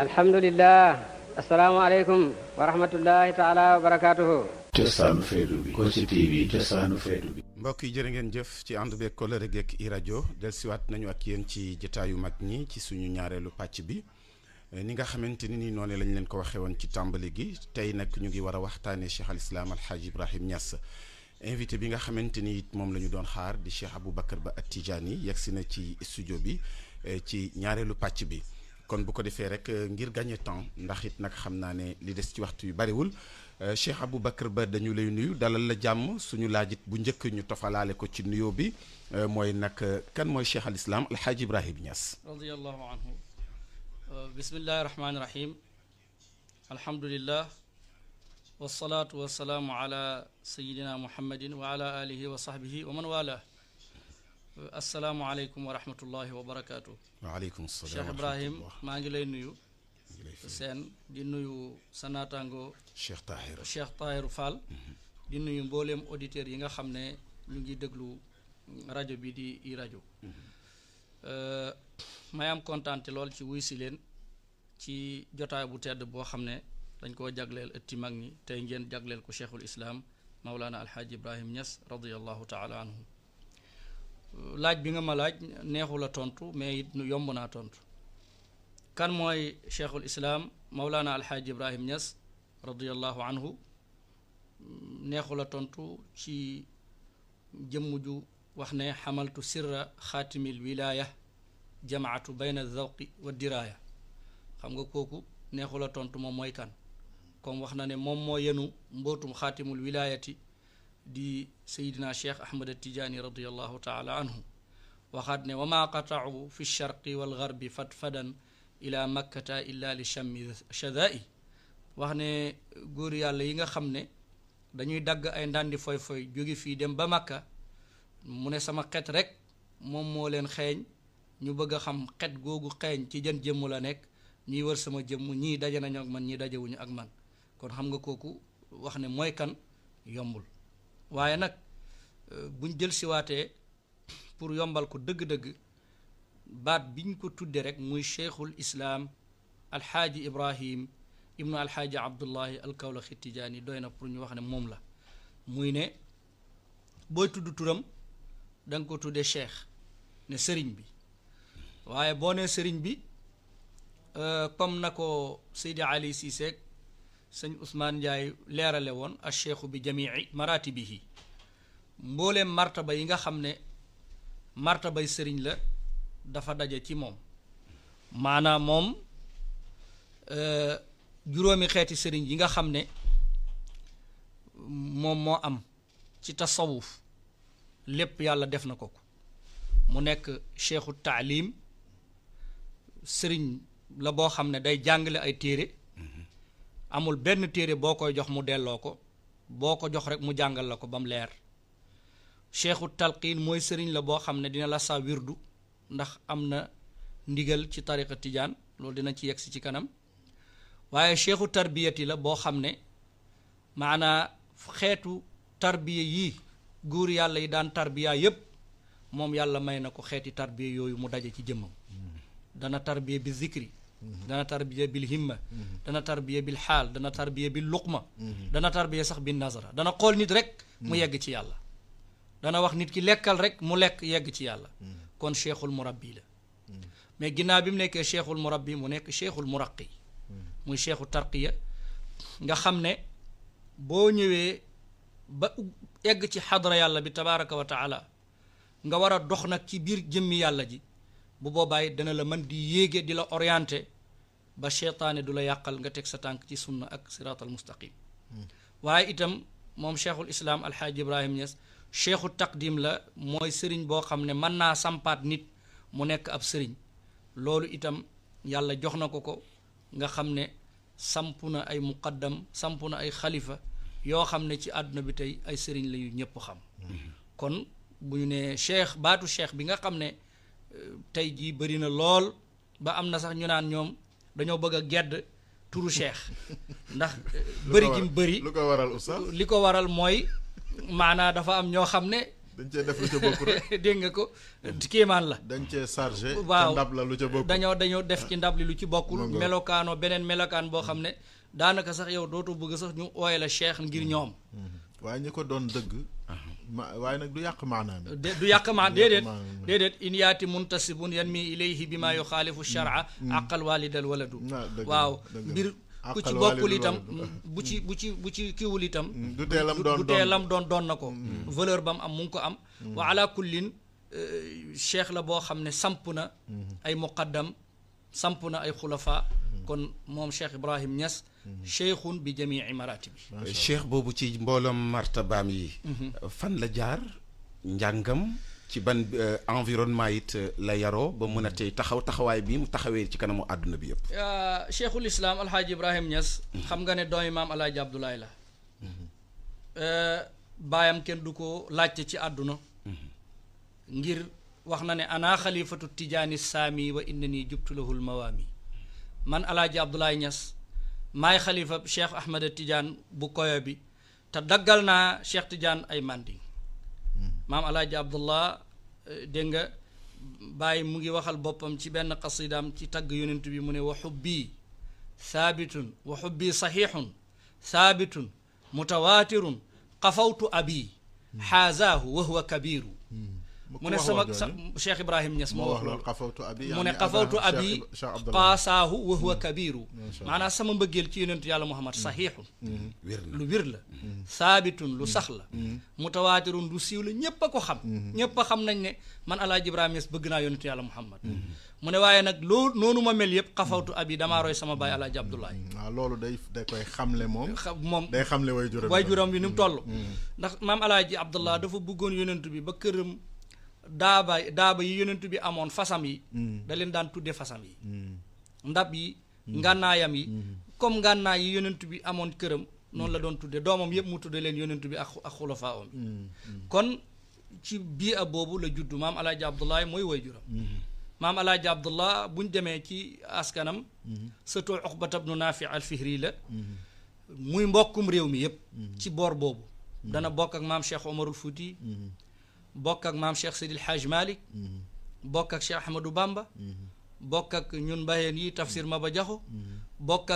alhamdulilah asalaamaaleykum wa rahmatullahi taala wa barakaatuhu cosaanu bi Kossy TV cosaanu bi mbokk yi jërë ngeen jëf ci ànd beeg kóllëre geeg i rajo dellusiwaat nañu ak yéen ci jotaayu mag ñi ci suñu ñaareelu pàcc bi eh, ni nga xamante ni nii noonu lañ leen ko waxee woon ci tàmbali gi tey nag ñu ngi war a waxtaanee Cheikh al Islam Al Hadj Ibrahim Niass invité bi nga xamante ni it moom la ñu doon xaar di abu Aboubacar Ba at Tidiane yegg si na ci studio bi eh, ci ñaareelu pàcc bi. kon bu ko defé rek ngir gagner temps ndax it nak xamna ne li dess ci waxtu yu bari wul Cheikh abou bakr Ba dañu lay nuyu dalal la jàmm suñu lajit bu ñëk ñu tofalalé ko ci nuyo bi moy nak kan moy Cheikh al Islam al hadji Ibrahim nias radiyallahu anhu bismillahir rahmanir rahim alhamdulillah والصلاة والسلام على سيدنا محمد وعلى آله وصحبه ومن والاه alaykum wa rahmatullahi wa barakaatu. waaleykum salaam Cheikh Ibrahim maa ngi lay nuyu. seen di nuyu sa naataango. Cheikh Tahir Cheikh Tahir Fall. di nuyu mbooleem auditeurs yi nga xam ne ñu ngi déglu rajo bi di i rajo. may am kontaan lool ci wuy si leen ci jotaay bu tedd boo xam ne dañ koo jagleel ëtti mag ñi tey ngeen jagleel ko cheikhul islaam Mawlana Alhaji Ibrahim Niass radiyallahu taala anhu laaj bi nga ma laaj neexul a tontu mais it yomb naa tontu kan mooy cheikhul islaam maulana alxaaji ibrahim ñas radiallahu anhu neexul a tontu ci jëmm ju wax ne xamaltu sirra xaatimil wilaaya jamaatu bayna zawqi wa diraaya xam nga kooku neexul a tontu moom mooy kan comme wax na ne moom moo yenu mbootum xaatimul wilaayati di sayyidina Sheikh Ahmad Tijani radhiyallahu ta'ala anhu waxaat ne wama qata'u fi sharqi wal gharbi fatfadan ila makkata illa li shammi shada'i wax ne góor yalla yi nga xamne dañuy dag ay ndandi foy foy jogi fi dem ba makka mu ne sama xet rek mom mo len xegn ñu bëgg xam xet gogu xegn ci jën jëm la nek ñi wër sama jëm ñi dajé nañu ak man dajé wuñu ak man kon xam nga koku wax ne moy kan yombul waaye nag euh, buñ jël siwaatee pour yombal ko dëgg-dëgg baat biñ ko tuddee rek muy cheikhul islaam alxaaji ibrahim ibnu alxaaji abdullahi alkawlaxi tijaani doy na pour ñu wax ne moom la muy ne boo tudd turam da ko tuddee cheikh ne sëriñ bi waaye boo nee sëriñ bi euh, comme na ko Seydi Ali Cissé sëñ Ousmane Ndiaye leerale woon al cheikhu bi jamii maratibihi mbooleem martaba yi nga xam ne martabay sëriñ la dafa daje ci moom maanaam moom euh, juróomi xeeti sëriñ yi nga xam ne moom moo am ci tasawuf lépp yàlla def na ko ko mu nekk cheikhu taalim sëriñ la boo xam ne day jàngale ay téere amul benn téere boo koy jox mu delloo ko boo ko jox rek mu jàngal la ko ba mu leer cheikhu talqiin mooy sëriñ la boo xam ne dina la sa wirdu ndax am na ndigal ci tariqa tijaan loolu dina ci yegsi ci kanam waaye cheikhu tarbiyati la boo xam ne maanaa xeetu tarbiya yii góor yàlla yi daan tarbiya yépp moom yàlla may na ko xeeti tarbiya yooyu mu daje ci jëmmam hmm. dana tarbiya bi zikri دانا تربيه بالهمه دانا تربيه بالحال دانا تربيه باللقمه دانا تربيه صاح بالنظره دانا قول نيت ريك مو ييغ سي يالا دانا واخ نيت كي ليكال ريك مو ليك ييغ سي يالا كون شيخ المربي لا مي غينا بيم نيك شيخ المربي مو نيك شيخ المرقي مو شيخ الترقيه nga xamne bo ñewé ba egg ci hadra yalla bi tabaaraku wa ta'ala nga wara bu boobaa it dana la mën di yéege di la orienté ba cheytaane du la yàqal nga teg sa tànk ci sunna ak siraatal mustaqim hmm. waaye itam moom cheikhul islaam alxaaj ibrahim Niass cheikhu taqdim la mooy sëriñ boo xam ne mën naa sampaat nit mu nekk ab sëriñ loolu itam yàlla jox na ko ko nga xam ne samp na ay muqaddam samp na ay xalifa yoo xam ne ci àdduna bi tey ay sëriñ la yu ñëpp xam hmm. kon bu ñu nee cheikh baatu cheikh bi nga xam ne tey jii bëri na lool ba am na sax ñu naan ñoom dañoo bëgg a gedd turu cheikh ndax euh, bëri gi bëri lu ko waral oustaz li ko waral mooy maanaa dafa am ñoo xam ne dañ nga ko kéemaan la dañ cee chargé waaw ndab la lu dañoo def ci ndab li lu ci bokkul melokaanoo beneen melokaan boo xam ne daanaka sax yow dootoo bëgg sax ñu ooye la cheikh ngir ñoom waaye ñi ko doon dëgg waaye nag du yàq maanaam du yàq maanaam déedéet déedéet in yaati muntasibun yan mi ilayhi bi maa yuxaalifu sharaa àqal waalidal waladu waaw mbir ku ci bokkul itam bu ci bu ci bu ci kiwul itam du teelam doon doon na ko valeur ba mu am mu ngi ko am wa ala kullin cheikh la boo xam ne samp na ay muqaddam samp na ay xulafa kon moom cheikh ibrahim Niass شيخ بجميع مراتبه الشيخ بوبو تي مبولم mbooloom martabaam yi fan la jaar njàngam ci ban environnement it la yaroo ba mën a tey taxaw taxawaay bi mu taxawee ci kanamu àdduna bi yëpp cheikhul islam alhaaji ibrahim Niass xam nga ne doomi maam alhaaji Abdoulaye la baayam kenn du ko ngir wax na ne ana khalifatu tijani sami wa innani jubtu lahu almawami man alhaaji Abdoulaye Niass maay xalifa Cheikh Ahmed Tidiane bu koyo bi te daggal naa Cheikh Tidiane ay manding maam alaaji abdullah eh, dégg nga bàyyi mu ngi waxal boppam ci benn qasidaam ci tagg yonent bi mu ne wa xubbii saabitun wa xubbii saxiixun saabitun mutawaatirun qafawtu abi xaazaahu wa huwa kabiru mu ne sama Cheikh Ibrahim Niass moo wax loolu mu ne xafawtu abi qaasaahu wa huwa mm-hmm. kabiru maanaam sama mbëggeel ci yonentu yàlla muhammad mm-hmm. saxiixun mm-hmm. lu wér la saabitun lu sax la mutawaatirun lu siiw la ñépp a ko xam ñépp a xam nañ ne man alaaji Ibrahim Niass bëgg naa yonentu yàlla muhammad mu ne waaye nag loolu noonu ma mel yëpp xafawtu abi damaa roy sama baay alaaji Abdoulaye waaw loolu day da koy xamle moom moom day xamle way juróom way juróom bi ni mu toll ndax maam alaaji Abdoulaye dafa bëggoon yonentu bi ba këram daaba daaba yi yonent bi amoon fasam yi mm. da leen daan tudde fasam yi mm. ndab yi mm. ngànnaayam yi comme ngànnaay yi yonent bi amoon këram noonu la doon tudde doomam yëpp mu tudde leen bi ak ak xulafaa om kon ci bii a boobu la juddu maam alaaji abdullah mooy woy juram maam alaaji abdullah buñ demee ci askanam sa sëtu uqbata bnu naafi alfihri la muy mbokkum réew mi yëpp ci boor boobu dana bokk ak maam cheikh omarul fouti bokk ak maam Cheikh Sidil Hadj Malick mhm. bokk ak Cheikh Ahmadou Bamba mhm. bokk ak ñun mbayeen yi tafsir Maba Jaxu mhm. bokk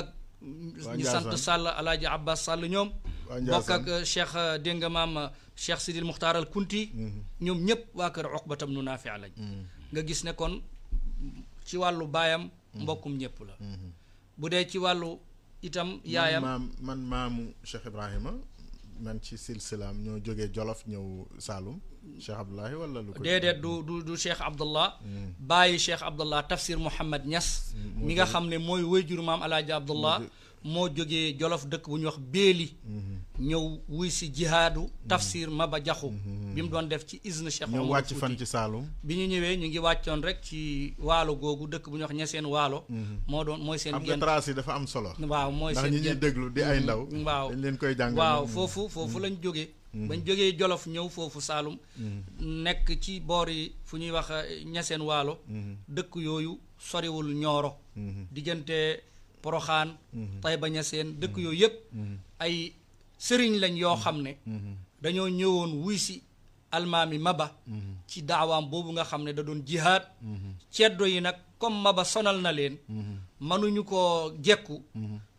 sant Sall alaaji Abbas Sall ñoom bokk ak eh, cheikh eh, maam eh, cheikh Sidil Muxtaar ñoom ñëpp waa kër Uqbatam nu naafi'a lañ nga gis ne kon ci wàllu baayam mbokkum ñëpp la bu dee ci wàllu itam yaayam maam man maamu Cheikh Ibrahima man ci silsilaam ñoo jógee Jolof ñëw Saalum Cheikh Abdoulahi wala lu ko du du du Cheikh Abdallah hmm. bàyyi Cheikh Abdallah Tafsir Mouhamed ñas hmm, mi nga xam ne mooy wéyjur maam alaaji Abdallah moo jógee Jolof dëkk bu ñuy wax Béeli hmm. ñëw wuy si jihaadu Tafsir ba Jaxu bi mu doon def ci isne Cheikh Omar fan ci bi ñu ñëwee ñu ngi wàccoon rek ci waalo googu dëkk bu ñuy wax ñeseen waalo moo doon mooy seen génn dafa am solo waaw di ay ndaw waaw dañ leen koy jàng foofu foofu lañ jógee Mm-hmm. bañ jógee Jolof ñëw foofu Saalum mm-hmm. nekk ci boor yi fu ñuy wax eh, ñeseen waalo mm-hmm. dëkk yooyu soriwul ñooro diggante Poroxaan Tayba ñeseen dëkk yooyu yëpp ay sëriñ lañ yoo xam ne dañoo ñëwoon wuy si almaami maba ci daawaam boobu nga xam ne da doon jihaad ceddo yi nag comme maba sonal na leen mënuñu koo jekku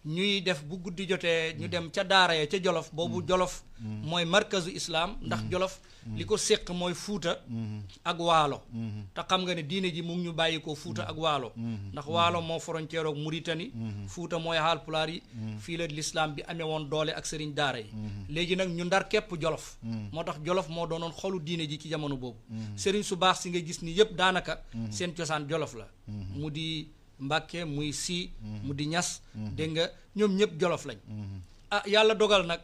ñuy def bu guddi jotee ñu dem ca daara ya ca jolof boobu mm. jolof mm. mooy markazu islaam ndax mm. jolof li ko séq mooy fuuta mm-hmm. ak waalo mm-hmm. te xam nga ne diine ji mu ngi ñu bàyyi ko fuuta mm-hmm. ak waalo ndax waalo moo frontière ak Mauritanie fuuta mooy haalpulaar yi fii la lislaam bi amee woon doole ak sëriñ daara yi léegi nag ñu ndar képp jolof moo tax jolof moo doonoon xolu diine ji ci jamono boobu sëriñ su baax si nga gis ni yëpp daanaka seen cosaan jolof la Mbàkke muy si mhm. mu di ñas mhm. dégg nga ñoom ñëpp jolof lañ mhm. ah yàlla dogal nag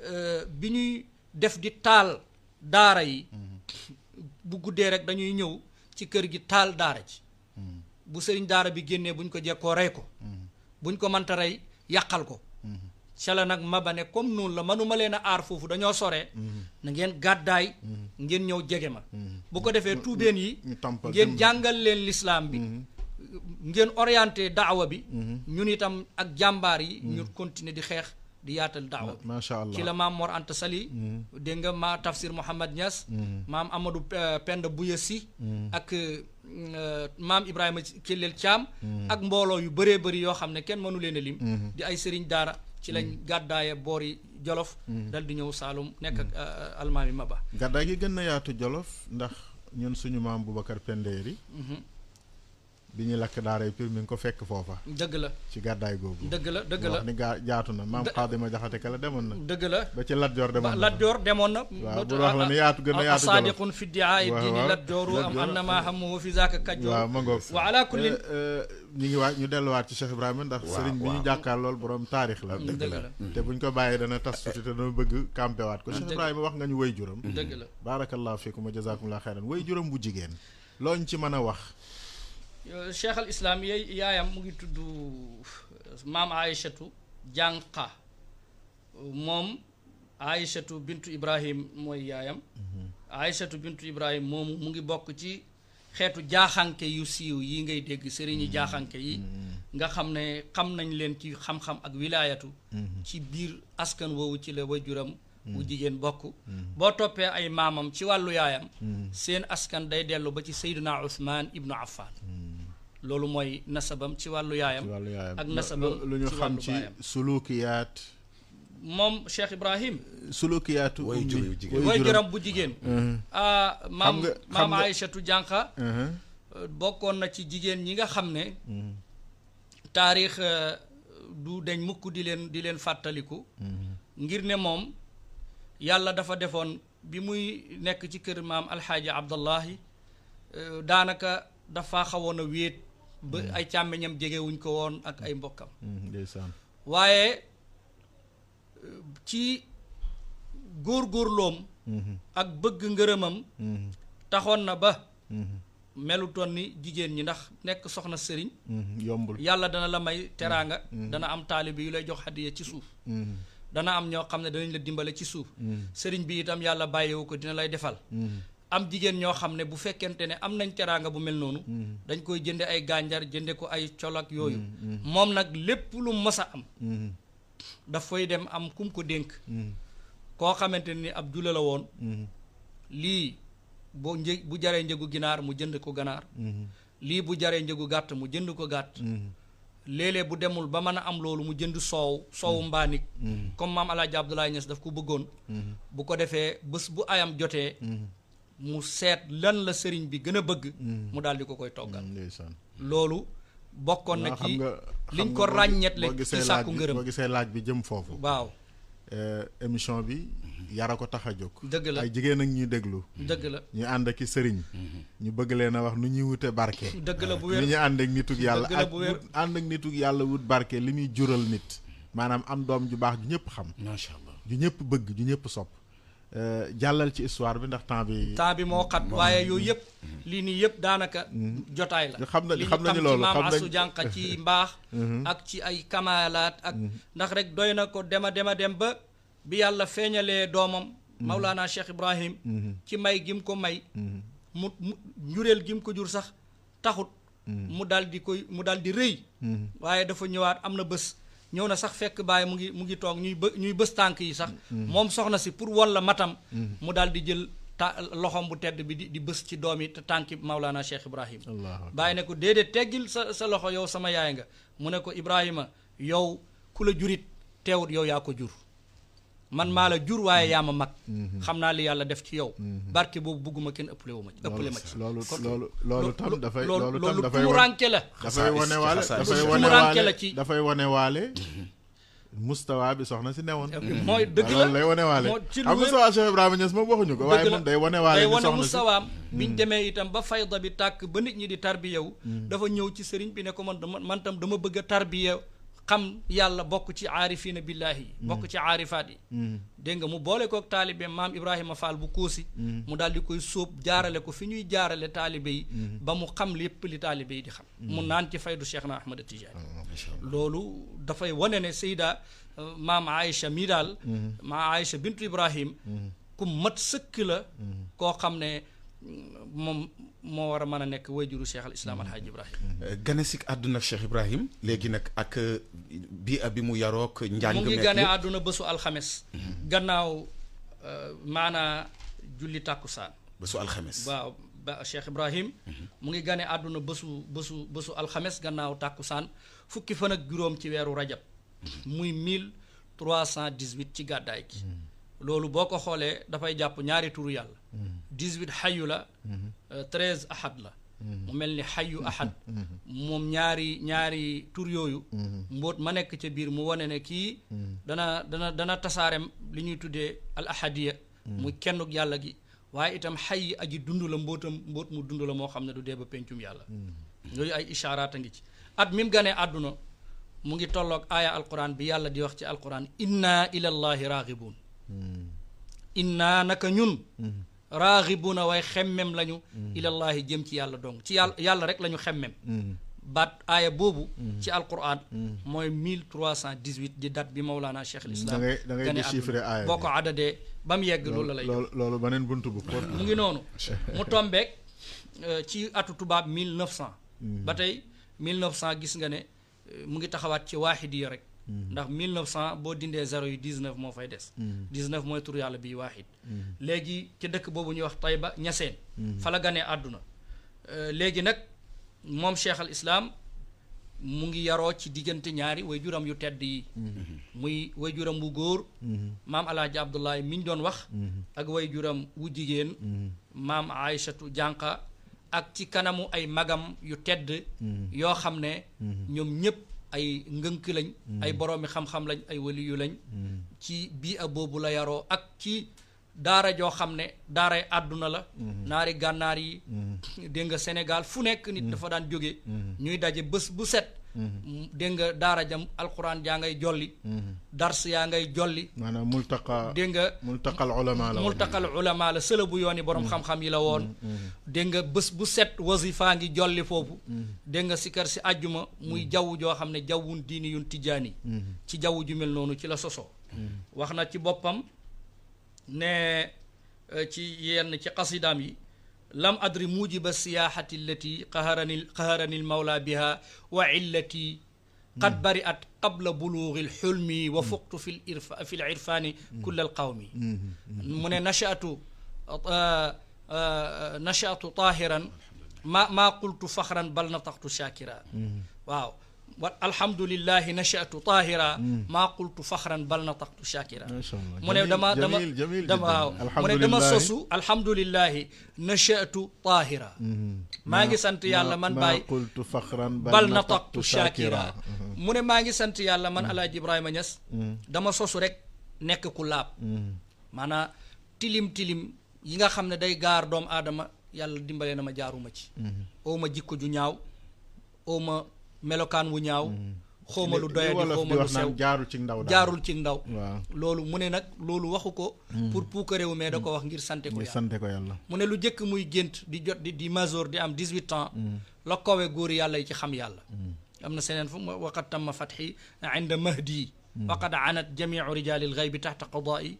euh, bi ñuy def di taal daara yi bu guddee rek dañuy ñëw ci kër gi taal daara ji bu sëriñ daara bi génnee buñ ko jekkoo rey ko buñ ko mënta rey yàqal ko cala nag ma ba ne comme noonu la manuma leen a aar foofu dañoo sore na ngeen gàddaay ngeen ñëw jege ma bu ko defee tuubeen yi ngeen jàngal leen lislaam bi ngeen orienter da'wa bi mhm. ñun itam ak jambar yi ñu continuer di xex di yaatal da'wa ma sha allah ci la mam Mor ant Sali mhm. de nga ma tafsir mohammed Nias mhm. mam Amadou euh, pende Bouya ak euh, mam Ibrahima Kellel cham ak mbolo yu beure beuri yo xamne ken manu mënu lim di ay serigne dara ci lañ gàddaaye bori jolof dal di ñew salum nek ak euh, almami Maba gàddaay gi gën na yaatu jolof ndax ñun suñu maam Boubacar Pendéeri bi ñu lakk daara yi pir mi ngi ko fekk foofa dëgg la ci gàddaay googu dëgg la dëgg la wax jaatu na maam xaadima jaxate kala demoon na dëgg la ba ci latjoor demoon na latjoor demoon na waaw bu wax la ne yaatu gën a yaatu saadiqun fi diaa dini latjooru am annama hamuhu fi ka kajjoor waaw ma ngoog wa ala kulli eh, eh, ñu ngi waaj ñu delluwaat ci Cheikh Ibrahima ndax sëriñ bi ñu jàkkaar lool borom taarix la dëgg la te buñ ko bàyyee dana tas tuuti te dana bëgg campéwaat ko Cheikh Ibrahima wax nga ñu way juróom dëgg la baarakallahu fiikum wa jazakumullah xeyran way juram bu jigéen looñ ci mën a wax cheikh al islam yay yaayam mu ngi tudd maam aïchatu jànqa moom aïchatu bintu ibrahim mooy yaayam mhm. aïchatu bintu ibrahim moomu mu ngi bokk ci xeetu jaaxanke yu siiw yi ngay dégg sëriñi mhm. jaaxanke yi mhm. nga xam ne xam nañ leen ci xam-xam ak wilaayatu ci biir askan woowu ci la wajuram bu jigéen bokk boo toppee ay maamam ci wàllu yaayam seen askan day dellu ba ci sayduna usman ibnu affan loolu mooy nasabam ci wàllu yaayam ak nasabam lu ñu xam ci sulukiyaat moom Cheikh Ibrahim sulukiyaatu way juram bu jigéen uh-huh. ah, maam maam Aïchatu Jànqa uh-huh. bokkoon na ci jigéen ñi nga xam ne uh-huh. taarix uh, du dañ mukk di leen di leen fàttaliku ngir ne moom yàlla dafa defoon bi muy nekk ci kër maam alxaaji Abdallahi uh, daanaka dafa xawoon a wéet ba mm. ay càmmiñam jegewuñ ko woon ak ay mbokkam mm, waaye eh, ci góor góorloom mm-hmm. ak bëgg ngërëmam mm-hmm. taxoon na ba mm-hmm. melutoon ni jigéen ñi ndax nekk soxna sëriñ yombul yàlla dana la may teraanga dana am taalibe yu lay jox hadiya ci suuf dana am ñoo xam ne danañ la dimbale ci suuf sëriñ bi itam yàlla bàyyiwu ko dina lay defal am jigéen ñoo xam ne bu fekkente ne am nañ teraanga bu mel noonu mm-hmm. dañ koy jënde ay gànjar jënde ko ay colak yooyu mm-hmm. moom nag lépp lu mës a am mm-hmm. daf koy dem am kum ko dénk koo xamante ni ab jula la woon lii boo një bu jaree njëgu ginaar mu jënd ko ganaar lii bu jaree njëgu gàtt mu jënd ko gàtt léeg-léeg bu demul ba mën a am loolu mu jënd soow soowu mbaanik comme maam Alaaji Abdoulaye Niass daf ko bëggoon bu ko defee bés bu ayam jotee mu seet lan la sëriñ bi gën a bëgg mm. mu daal di ko koy toggal mm, loolu bokkoon na ci liñ ko ràññeetle ci sàkku ngërëm boo gisee laaj bi jëm foofu waaw eh, émission bi yar a ko tax a jóg dëgg la ay jigéen ak ñuy déglu dëgg la ñu ànd ak i sëriñ mm-hmm. ñu bëgg leen a wax nu ñuy wute barke dëgg la bu wér ñu ànd ak nitug yàlla ak ànd ak nitug yàlla wut barke li muy jural nit mm-hmm. maanaam am doom ju baax ju ñëpp xam macha allah ju ñëpp bëgg ju ñëpp sopp Euh, jàllal ci histoire bi ndax temps bi temps bi moo xat waaye yooyu yëpp mm-hmm. lii nii yëpp daanaka mm-hmm. jotaay la xam na xam nañu loolu xam nañu ci maam asu jànq ci mbaax mm-hmm. ak ci ay kamaalaat ak ndax rek doy na ko dema dema dem ba bi yàlla feeñalee doomam Mawlaana Cheikh Ibrahim ci may gi mu ko may mu njureel gi mu ko jur sax taxut mu dal di koy mu dal di rëy waaye dafa ñëwaat am na bés ñëw na sax fekk baay mu ngi mu ngi toog ñuy bë ñuy bës tànk yi sax mm-hmm. Mm-hmm. moom soxna si pour la matam mm-hmm. mu daal di jël ta loxom bu tedd bi di di bës ci doom yi te tànki Maulana Cheikh Ibrahim bàyyi ne ko déedéet teggil sa sa loxo yow sama yaay nga mu ne ko Ibrahima yow ku la jurit teewut yow yaa ko jur man maa la jur waaye yaa ma mag mhm. xam naa li yàlla def ci yow mhm. barke boobu bëgguma kenn ëppale wu ma ci ëppale ma ci loolu loolu loolu tam dafay loolu tam dafay tuuranke la dafay wane waale dafay wane waale la ci dafay wane waale mustawa bi soxna si newoon mooy dëgg la lay wane waale am mustawa Cheikh Ibrahima Niass moom waxuñu ko waaye moom day wane waale day wane mustawaam biñ mm. demee itam ba fayda bi tàkk ba nit ñi di tarbiyewu mm. dafa ñëw ci sëriñ bi ne ko man man tam dama bëgg a tarbiyew xam yàlla bokk ci aarifina billahi bokk ci aarifaat yi dégg nga mu boole kook taalibe maam Ibrahima Fall bu kuusi mu daal di koy sóob jaarale ko fi ñuy jaarale taalibe yi ba mu xam lépp li taalibe yi di xam mu naan ci faydu Cheikh na Ahmad Tijaani loolu dafay wone ne Seyda maam Aïcha mii daal ma Aïcha bintu Ibrahim ku mat sëkk la koo xam ne moom moo war a mën a nekk wayjuru cheikh al islam mm-hmm. alhaaj ibrahim eh, ganesik àdduna cheikh ibrahim léegi nag ak eh, bi bi mu yarook njàng mu ngi gane alxames mm-hmm. gannaaw eh, maanaa julli tàkkusaan bésu alxames waaw ba cheikh ibrahim mm-hmm. mu ngi gane àdduna bésu bésu bésu alxames gannaaw tàkku tàkkusaan fukki fan ak juróom ci weeru rajab muy 1318 ci gàddaay gi loolu boo ko xoolee dafay jàpp ñaari turu yàlla dix-huit xayu la euh, treize ahad la mu mel ni xayu ahad moom ñaari ñaari tur yooyu mbóot ma nekk ca biir mu wane ne kii dana dana dana tasaarem li ñuy tuddee al ahadiya muy kennuk yàlla gi waaye itam xay aji dund la mbóotam mbóot mu dund la moo xam ne du dee ba pencum yàlla yooyu ay ishaaraat a ngi ci at mi mu ganee àdduna mu ngi tolloog aaya alquran bi yàlla di wax ci alquran inna ilallahi raagibuun inna naka ñun raaxibuuna waaye xemmem lañu. Mm. ilallahi jëm ci yàlla dong ci yàlla yàlla rek la ñu xemmem. Mm. baat aaya boobu. Mm. ci alquran. mooy mille trois cent dix huit di date bi Mawlana Cheikh Islam. da ngay da ngay déchiffrer aaya boo ko adadee ba yegg loolu la lay. loolu loolu beneen buntu bu mu ngi noonu mu tombeek euh, ci atu tubaab mille neuf ba tey mille neuf cent gis nga ne euh, mu ngi taxawaat ci waaxid yi rek. Mm-hmm. ndax mille cent boo dindee zéro yi dix-neuf moo fay des mm-hmm. dix-neuf mooy tur yàlla bi waaxid mm-hmm. léegi ca dëkk boobu ñuy wax Tayba Ñaseen fa la ganee àdduna euh, léegi nag moom cheikh islaam mu ngi yaroo ci diggante ñaari way juram yu tedd yi muy way juram wu góor maam alaaji abdullahi mi ñu doon wax ak way juram wu jigéen maam aïchatu jànqa ak ci kanamu ay magam yu tedd yoo xam ne ñoom ñëpp ay ngënk lañ hmm. ay boroomi xam-xam lañ ay waliyu lañ hmm. ci bii a boobu la yaroo ak ci daara joo xam ne daaray àdduna la hmm. naari gànnaar yi dégg nga Sénégal fu nekk nit dafa daan jóge ñuy daje bés bu set Mm-hmm. Denga nga jam alquran ja ngay jolli mm-hmm. dars ya ngay jolli maanaam multaqa dégg nga multaqal ulama la multaqal ulama la sele bu yoni borom mm-hmm. xam-xam yi la won dégg nga bés bu set wazifa ngi jolli fofu dégg nga sikar ci aljuma muy jo xamne ne jawwun diini yun tijani ci jaww ju mel nonu ci la soso waxna ci bopam ne eh, ci yenn ci qasidam yi لم أدر موجب السياحة التي قهرني قهرني المولى بها وعلتي قد برئت قبل بلوغ الحلم وفقت في الإرف... في العرفان كل القوم من نشأت آه، آه، نشأت طاهرا ما ما قلت فخرا بل نطقت شاكرا واو alhamdulillahi nashatu tahira hmm. ma qultu fakhran bal nataqtu shakira gitu. mune dama dama dama mune dama sosu alhamdulillahi nashatu tahira hmm. ma ngi sant yalla man bay ma qultu fakhran bal nataqtu shakira hmm. mune ma ngi sant yalla man ala ibrahima nyas dama sosu rek nek ku lab mana tilim tilim yi nga xamne day gar dom adama yalla dimbalena ma jaruma ci o ma jikko ju ñaaw o ma melokaan wu ñaaw mm. xawma lu doyadi xawma lu sew jaarul ci ndaw jaarul ci ndaw loolu mu ne nag loolu waxu ko mm. pour puukare wu mais da ko mm. wax ngir sante ko yàlla mu ne lu jëkk muy gént di jot di di major di am dix-huit ans la kowe góor yàlla yi ci xam yàlla am na seneen fu waqad tamma fatxi inda mahdi waqad anat jamiu rijalil gaybi taxta qadaa'i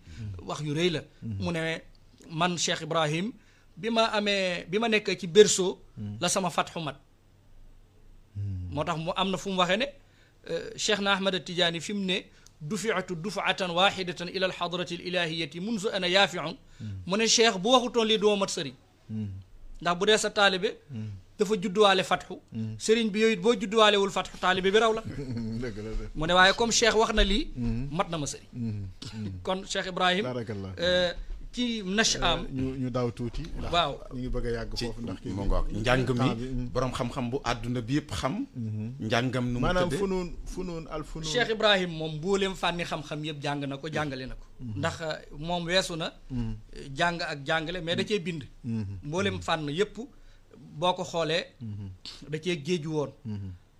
wax yu rëy la mu ne man Cheikh Ibrahim bi ma amee bi ma nekk ci berceau la sama fatxu mat motax mu amna na fu mu waxee ne cheikh na ahmad tijaani fi ne dufiatu dufatan wahidatan ila alxadrati alilahiyati munzu ana yaafiun mune cheikh bu waxutoon li do mat seri ndax bu dé sa taalibe dafa judduwaale fathu serigne bi yooyu boo judduwaalewul fatxu taalibe bi raw la mu ne waaye comme cheikh waxna li matna ma seri kon cheikh ibrahim euh ci nash am euh, ñu ñu daaw tuuti. waaw ñu ngi bëgg a yàgg foofu ndax. kii mu ngoog njàng mi hmm. borom xam-xam bu àdduna bi yëpp xam. Mhm. njàngam nu mu tëddee maanaam funuun funuun al funuun. Ibrahim moom mbooleem fànni xam yëpp jàng na ko hmm. jàngale na ko. Hmm. ndax euh, moom weesu na. jàng ak jàngale mais da cee bind. mbooleem fànn yëpp boo ko xoolee. da cee géeju woon.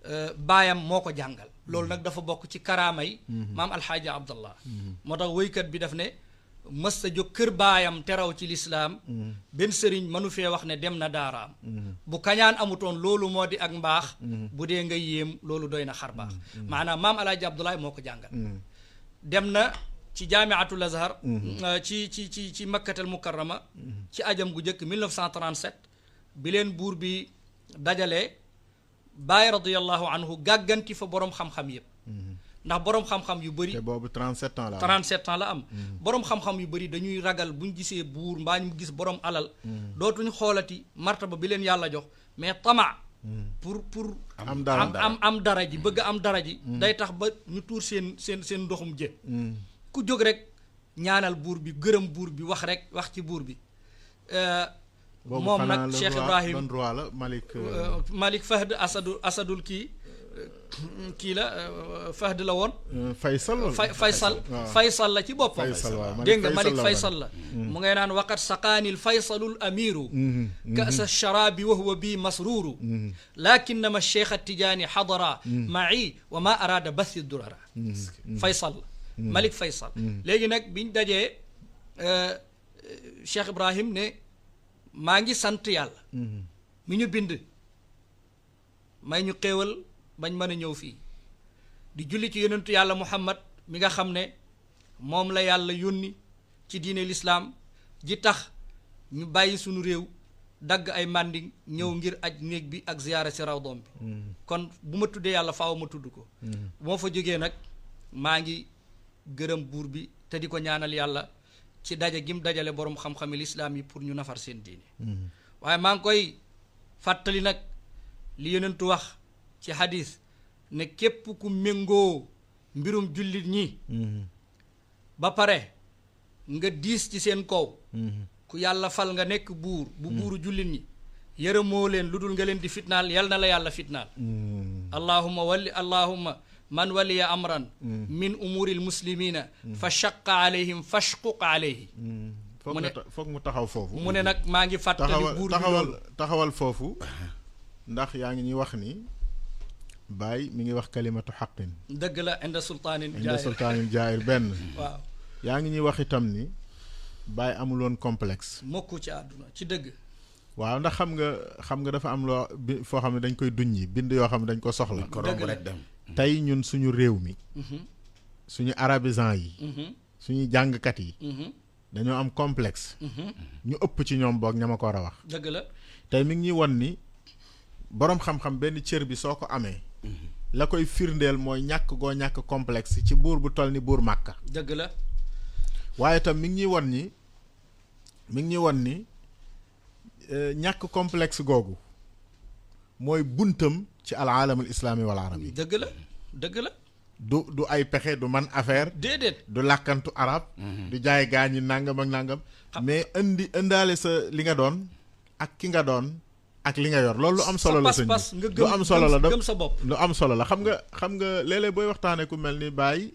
Euh, baayam moo ko jàngal. loolu nag dafa bokk ci karaamay. maam Alxaaji Abdallah moo tax woykat bi daf ne. mës sa jóg kër baayam teraw ci lislaam mm-hmm. benn sëriñ mënu fee wax ne dem na daaraam mm-hmm. bu kañaan amutoon loolu moo di ak mbaax mm-hmm. bu dee nga yéem loolu doy na xar baax maanaam maam alaaji abdoulaye moo ko jàngal dem na ci jaamiatul azhar euh, ci ci ci ci makkatal mukarrama ci ajam gu njëkk 1937 bi leen buur bi dajalee bàyyi radiallahu anhu gàgganti fa boroom xam-xam yëpp ndax boroom xam-xam yu bëri. te boobu 37 ans la am 37 ans la am. Mm-hmm. borom xam-xam yu bëri dañuy ragal bu ñu gisee buur mbaa ñu gis borom alal. Mm-hmm. dootuñu xoolati martaba bi leen yàlla jox mais tama. Mm-hmm. pour pour. am dara am dara ji bëgg am dara ji. day tax ba ñu tuur seen seen seen ndoxum jë. ku jóg rek ñaanal buur bi gërëm buur bi wax rek wax ci buur bi. Euh, moom nag Cheikh Ibrahim boobu Malik. Euh, euh, Malik Fahd Asadu Asadul kii. kii la Fahd la faisal faisal faisal Faysal Faysal la ci faisal dégg nga Malik faisal la. mu ngay naan waqat saqaanil Faysalul amiru. kaasa sharaabi wa huwa bii masruuru. laakinnama cheikh Tijaani xadara. maci wa maa araada basi durara. faisal la Malik faisal léegi nag biñ dajee Cheikh Ibrahim ne maa ngi sant yàlla. mi ñu bind may ñu xéewal. bañ mën a ñëw fii di julli ci yonentu yàlla muhammad mi nga xam ne moom la yàlla yónni ci diine lislaam ji tax ñu bàyyi sunu réew dagg ay mànding ñëw ngir aj néeg bi ak ziyaara si raw doom bi mm. kon bu ma tuddee yàlla faw ma tudd ko moo mm. fa jógee nag maa ngi gërëm buur bi te di ko ñaanal yàlla ci daje gim dajale borom xam-xami lislaam yi pour ñu nafar seen diine mm. waaye maa ngi koy fàttali nag li yonentu wax ci hadis ne képp ku méngoo mbirum jullit ñi mhm. ba pare nga diis ci seen kaw mhm. ku yàlla fal nga nekk buur bu mhm. buuru jullit ñi yërëmoo leen lu dul nga leen di fitnaal yal na la yàlla fitnaal allahumma walli allahumma man waliya amran min umuuril muslimina fa shaqa alayhim fashquq alayhi mu ne mu taxaw foofu mu ne nag maa ngi fàttali buur taxawal taxawal foofu ndax yaa ngi ñuy wax ni Baye mi ngi wax kalimatu xaqin. dëgg la inda sultaanin jaayir inda sultaanin jaayir benn. yaa ngi ñuy wax itam ni Baye amul woon complexe. mokku ci àdduna ci dëgg. waaw ndax xam nga xam nga dafa am loo bi foo xam ne dañ koy duñ yi bind yoo xam dañ ko soxla. ko romb rek dem tey ñun suñu réew mi. Mhm. suñu arabisant yi. Mhm. suñu jàngkat yi. Mhm. dañoo am complexe. ñu ëpp ci ñoom boog ña ko war a wax. dëgg la tey mi ngi won ni boroom xam-xam benn cër bi soo ko amee. la koy firndeel mooy ñàkk goo ñàkk complexe ci buur bu toll ni buur màkka dëgg la waaye tam mi ngi ñuy won ni mi ngi ñuy won ni e, ñàkk complexe googu mooy buntam ci al aalamul islaami wal arabi dëgg la dëgg la du du ay pexe du man affaire déedéet du làkkantu arab mhm. du jaay gaa ñi nàngam ak nàngam ah. mais indi indaale sa li nga doon ak ki nga doon ak li nga yor loolu lu am solo la sëñ bi lu am solo la lu am solo la xam nga xam nga léeg-léeg booy waxtaanee ku mel ni Baye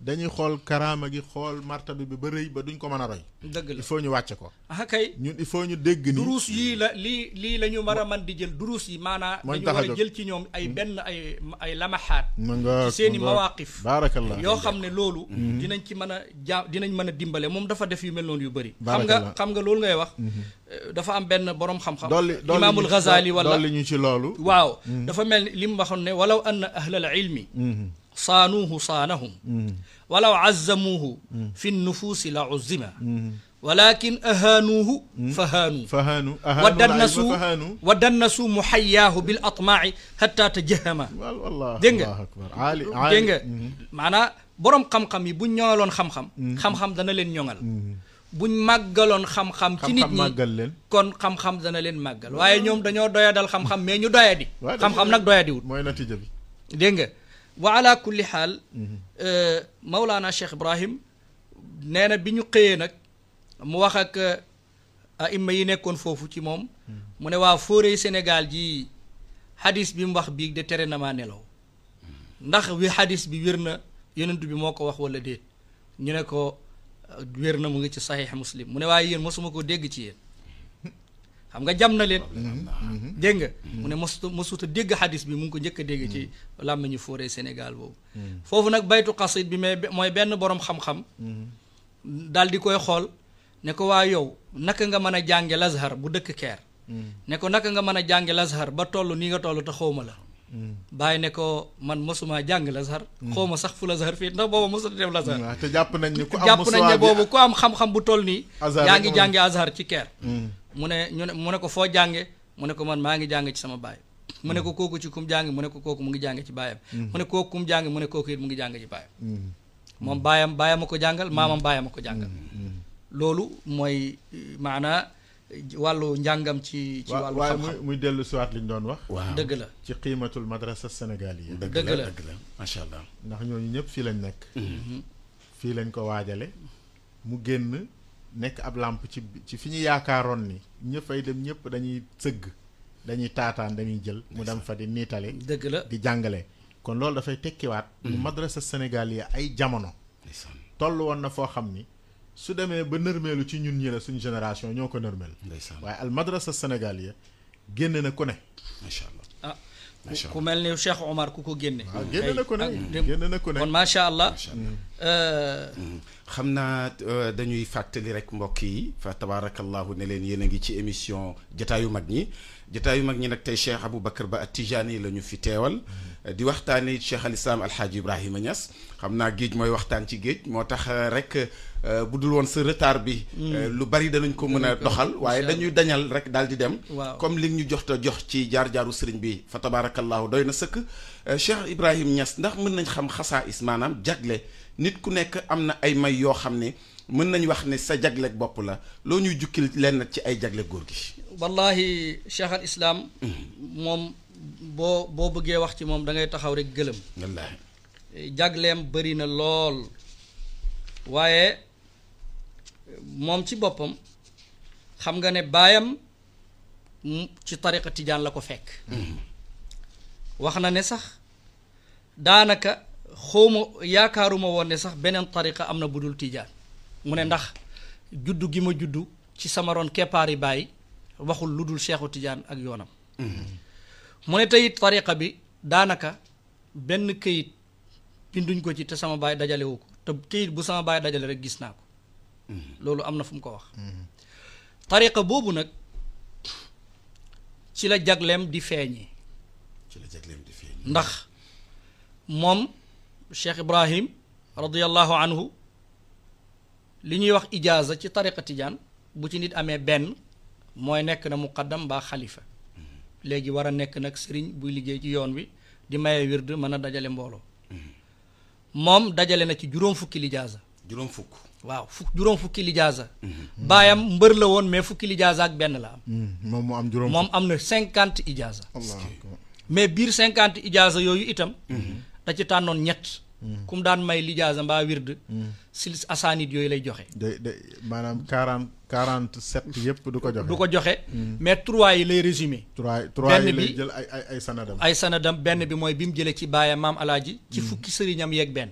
dañuy xool karaama gi xool martaba bi ba rëy ba duñ ko mën a roy. dëgg la il ñu wàcce ko. ah kay ñun il faut ñu dégg ni. duruus yii la lii lii la ñu man a mën di jël duruus yi maanaa. dañu war a jël ci ñoom ay benn ay ay lamaxaat. nga seen i mawaqif. baarakallah yoo xam ne loolu. Mhm. Mhm. dinañ ci mën a ja dinañ mën a dimbale moom dafa def yu mel noonu yu bëri. xam nga xam nga loolu ngay wax. Mhm. Eh, dafa am benn borom xam-xam. dolli dolli imaamul Ghazali wala dolli ñu ci loolu. waaw dafa mel ni li mu waxoon ne walaw anna ahlal ilmi صانوه صانهم ولو عزموه في النفوس لعزم ولكن أهانوه فهانوا فهانو ودنسوا فهانو ودنسو محياه بالأطماع حتى تجهما والله دينجا. الله أكبر عالي عالي دينجا. معنا بروم خم خم يبون يالون خم خم خم خم دنا لين يونغال buñ màggaloon xam-xam ci nit ñi kon xam-xam dana leen màggal waaye ñoom dañoo doya dal xam-xam mais ñu doya di xam-xam nag doya diwut mooy natija bi dégg nga وعلى كل حال آه، مولانا شيخ ابراهيم نانا بينو خيي نك مو واخك آه، ائمه يي نيكون فوفو تي موم مو نوا فوري سينيغال جي حديث بيم واخ بي دي تيرنا ما نيلو ناخ وي حديث بي ويرنا يننت بي موكو واخ ولا ديت ني نكو ويرنا موغي تي صحيح مسلم مو نوا يين مسوما كو ديغ تي يين xam nga jam na leen mm-hmm. dégg nga mm-hmm. mu ne mosut mosut a dégg xadis bi mu ngi ko jëkk a dégg ci mm-hmm. ñu foore Sénégal boobu foofu nag baytu xasid bi mais mooy benn boroom xam-xam daal di koy xool ne ko waa yow naka nga mën a jànge lazhar bu dëkk keer ne ko naka nga mën a jànge lazhar ba toll nii nga toll te xawma la bàyyi ne ko man mosumaa jàng lazhar xawma sax fu lazhar fii ndax booba mosuta def lazhar te jàpp nañ ne ku am jàpp boobu ku am xam-xam bu toll nii yaa ngi jànge azhar ci keer mu ne ñu mu ne ko foo jànge mu ne ko man maa ngi jàng ci sama baay mu ne ko kooku ci kum jànge mu ne ko kooku mu ngi jànge ci baayam mm-hmm. mu ne kooku kum jànge mu ne kooku it mu ngi jànge ci baayam mm-hmm. moom baayam baayam a ko jàngal maamam baayam a ko jàngal mm-hmm. loolu mooy maanaa wàllu njàngam ci ci wàllu xam-xam muy dellu siwaat li doon wax waaw dëgg la ci qiimatul madrasa sénégaliyya dëgg la dëgg la macha allah ndax ñooñu ñëpp fii lañ nekk fii lañ ko waajale mu génn nekk ab làmp ci ci fi ñu yaakaaroon ni ñëfay dem ñëpp dañuy sëgg dañuy taataan dañuy jël mu dem fa di niitale dëgg di jàngale kon loolu dafay tekkiwaat ñu mm. madrasa Sénégal yi ay jamono toll woon na foo xam ni su demee ba nërmeelu ci ñun ñi la suñu génération ñoo ko nërmeel waaye al madrasa Sénégal yi génn na ku ne macha allah ah. ku mel ni Cheikh Omar ku ko génne. waaw génne na ko ne génne na ne kon macha allah. xam naa dañuy fàttali rek mbokk yi fa tabaarakallahu ne leen yéen ngi ci émission jataayu mag ñi jataayu mag ñi nag tey Cheikh Aboubacar Ba At-Tijaani fi teewal. di waxtaanee Cheikh al Islam al Ibrahima Niass xam naa géej mooy waxtaan ci géej moo tax rek. Euh, bu dul woon sa retard bi. Hmm. Euh, lu bari danañ ko mën a doxal. waaye dañuy dañal rek daal di dem. comme li ñu jox te jox ci jaar jaaru sëriñ bi fa tabaarakallaahu doy na sëkk. Euh, Cheikh Ibrahim ñas ndax mën nañ xam xasaa is maanaam jagle nit ku nekk am na ay may yoo xam ne mën nañ wax ne sa jagle bopp la loo ñuy jukkil lenn ci ay jagle góor gi. wallahi Cheikh al Islam. Hmm. moom boo boo bëggee wax ci moom dangay ngay taxaw rek gëlëm. wallaahi. jagleem bëri na lool waaye. moom ci boppam xam nga ne baayam ci tariqa tijaan la ko fekk wax na ne sax daanaka xawma yaakaaruma woon ne sax beneen tariqa am na bu dul tijaan mu ne ndax juddu gi ma juddu ci sama roon keppaari baay waxul lu dul seexu tijaan ak yoonam mu ne tey tariqa bi daanaka benn këyit binduñ ko ci te sama baay dajalewu ko te këyit bu sama baay dajale rek gis naa ko loolu am na fu mu ko wax tariqa boobu nag ci la jagleem di feeñi ndax moom Cheikh Ibrahim radiallahu anhu li ñuy wax ijaaza ci tariqa tijaan bu ci nit amee benn mooy nekk na muqaddam mbaa xalifa léegi war a nekk nag sëriñ buy liggéey ci yoon wi di maye wird mën a dajale mbooloo mm-hmm. moom dajale na ci juróom fukki lijaaza juróom fukk waaw fukk juróom fukki lijaasa baayam mbër la woon mais fukki lijaasa ak benn la am mm-hmm. moom mu am juróom moom am na cinquante ijaasa mais biir cinquante ijaasa yooyu itam mm-hmm. da ci tànnoon ñett mm-hmm. kum daan may lijaasa mbaa wird si asaanit yooyu lay joxe maanaam quarante quarante sept yëpp du ko joxe du ko joxe mais trois yi lay résumé trois trois yi lay jël ay ay ay sanadam benn bi mooy bi mu jëlee ci baayam maam alaaji ci fukki sëriñam yeeg benn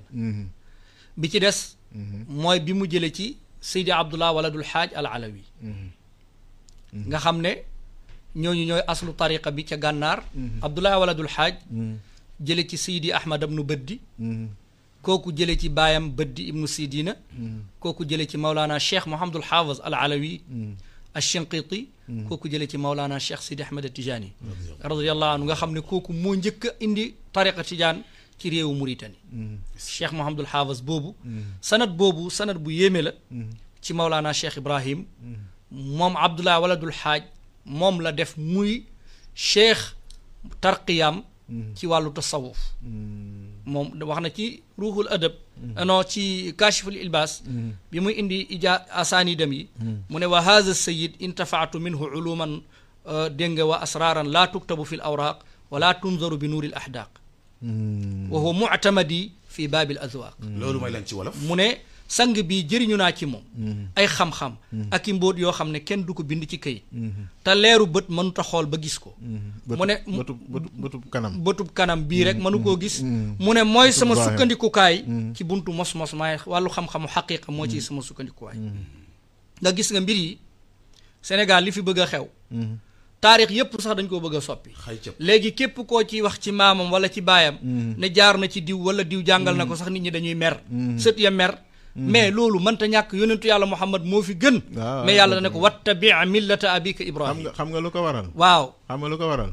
bi ci des mooy bi mu jëlee ci Seydi Abdullah waladul Xaaj al Alawi nga xam ne ñooñu ñooy aslu tariqa bi ca gànnaar Abdullah waladul Xaaj jële ci Seydi Ahmad ibnu Bëddi kooku jële ci baayam Bëddi ibnu Sidina kooku jële ci Mawlana Cheikh Mouhamadul Xaafis al Alawi Ashinqiti kooku jële ci Mawlana Cheikh Sidi Ahmed Tijani radiyallahu anhu nga xam ne kooku moo njëkk a indi tariqa Tijaan ci réewu Mauritanie. Cheikh Mouhamadul Haafas bobu sanad bobu sanad bu yeme la. ci Maulana Cheikh Ibrahim. mom Abdullah Waladul Haj mom la def muy cheikh tarqiyam. ci walu tasawuf mom waxna ci ruhul adab ano ci kaashiful ilbas bi muy indi ija dem yi mune ne wa haza sayyid intafa'tu minhu uluman denga wa asraran la tuktabu fil awraq wa la tunzaru bi nuril ahdaq Mm. wa huwa muctamadi fi baabil azwaaq mm. loolu mooy lan ci wolof mu ne sang bii jëriñu naa ci moom mm. ay xam-xam ak i mbóot yoo xam ne kenn du ko bind ci këyit mm-hmm. te leeru bët mënut xool ba gis ko mm-hmm. mu ne bëtub kanam bëtub kanam bii rek mënu koo mm-hmm. gis mu ne mooy sama sukkandikukaay ci buntu mos-mos maay wàllu xam-xamu xaqiiqa moo ciy sama sukkandikukaay ndax gis nga mbir yi Sénégal li fi bëgg a xew taarix yépp sax dañ ko bëgg a soppi léegi képp koo ci wax ci maamam wala ci baayam mm. ne jaar na ci diw wala diw jàngal na ko mm. sax nit ñi dañuy mer mm. sët ya mer mais loolu ta ñàkk yonentu yàlla muhammad moo fi gën ah, mais yàlla dana ko wattabi millata abika ibrahim xam nga lu ko waral waaw xam nga lu ko waral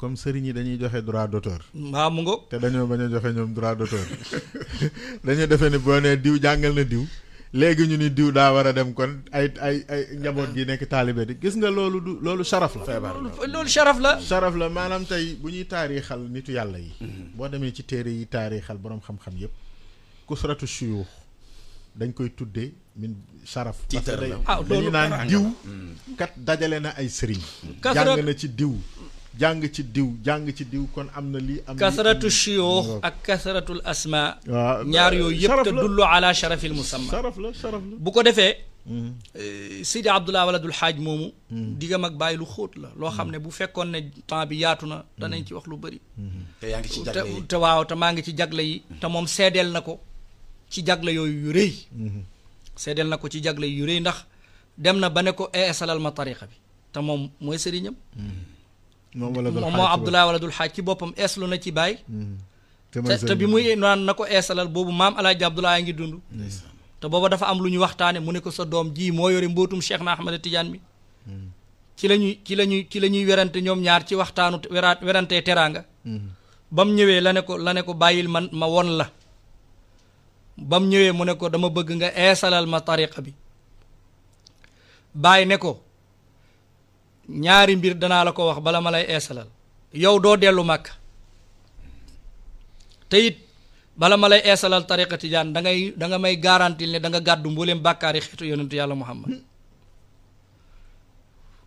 comme sëriñ yi dañuy joxe droit d'auteur waaw mu ngo te dañoo bañ a joxe ñoom droit d'auteur dañu defe ne boo diw jàngal na diw léegi ñu ni diw daa war a dem kon ay ay ay njaboot gi nekk taalibe di gis nga loolu du loolu sharaf la. feebar la. sharaf maanaam tey bu ñuy taarixal nitu yàlla yi. Mhm. boo demee ci téere yi taarixal borom xam-xam yëpp kusratu shuyuux dañ koy tuddee min sharaf. tiitar la ah naan diw. Mm. kat dajale na ay sëriñ. jàng na ci diw. jàng ci diw jàng ci diw kon amna li am kasratu shuyuux ak kasratul asma ñaar yooyu yep te dullu ala sharafil musamma sharaf la sharaf la bu ko defé sidi abdullah waladul haj momu diggam ak bàyyi lu xóot la lo xamne bu fekkoon ne temps bi yatuna na danañ ci wax lu bëri te yaa ci jagle te waaw te maa ngi ci jagle yi te mom sedel nako ci jagle yooyu yu reey sedel nako ci jagle yu reey ndax dem na ba ne ko ma tariqa bi te mom moy serignam moom moo Abdoulaye wala dul xaaj ci boppam eeslu na ci baay mm-hmm. te bi muy naan na ko eesalal boobu maam alaaji Abdoulaye a ngi dund te booba dafa am lu ñu waxtaane mu ne ko sa doom ji moo yore mbootum Cheikh na Ahmada Tidiane mi mm-hmm. ci la ñuy ci la ñuy ci la ñuy werante ñoom ñaar ci waxtaanu weraat werantee teraanga mm-hmm. ba mu ñëwee la ne ko la ne ko bàyyil man ma won la ba mu ñëwee mu ne ko dama bëgg nga eesalal ma tariqa bi bàyyi ne ko ñaari mbir danaa la ko wax bala ma lay eesalal yow doo dellu màkk te it bala ma lay eesalal tariqa tijaan da ngay da may garantil ne da nga gàddu mbooleem bàkkaari xeetu yonentu yàlla muhammad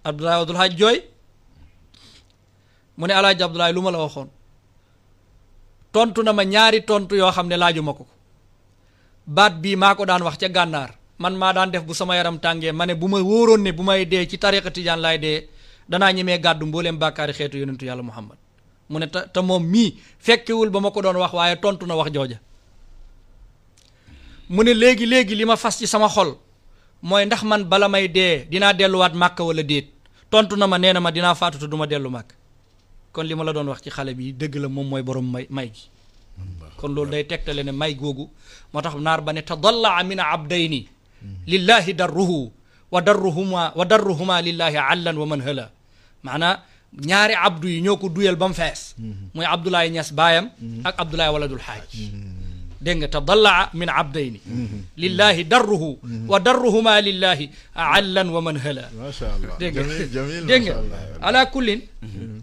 abdoulaye abdoulhaaj jooy mu ne alaaji abdoulaye lu ma la waxoon tontu na ma ñaari tontu yoo xam ne laaju ma ko baat bii maa ko daan wax ca gànnaar man ma daan def bu sama yaram tàngee ma ne bu ma wóoroon ne bu may dee ci tariqa tidiane lay dee danaa ñemee gàddu mbooleem bàkkaari xeetu yonentu yàlla muhammad mu ne te te moom mii fekkewul ba ma ko doon wax waaye tontu na wax jooja mu ne léegi léegi fas ci sama xol mooy ndax man bala may dee dinaa delluwaat màkk wala déet tontu na ma nee na ma dinaa faatu te du ma dellu màkk kon li ma la doon wax ci xale bi dëgg la moom mooy borom may may gi kon loolu day tegtale ne may googu moo tax naar ba ne min abdayni lillahi darruhu wa darruhuma wa darruhuma lillahi allan wa man hala maanaa ñaari abdu yi ñoo ko duyal ba mu fees mhm. muy abdoulaye ñas baayam mhm. ak abdoulaye waladul xaaj mhm. dégg nga te dallaa min abdayni lillahi darruhu wa darruhuma lillahi allan wa man hala dégg nga dégg nga ala kullin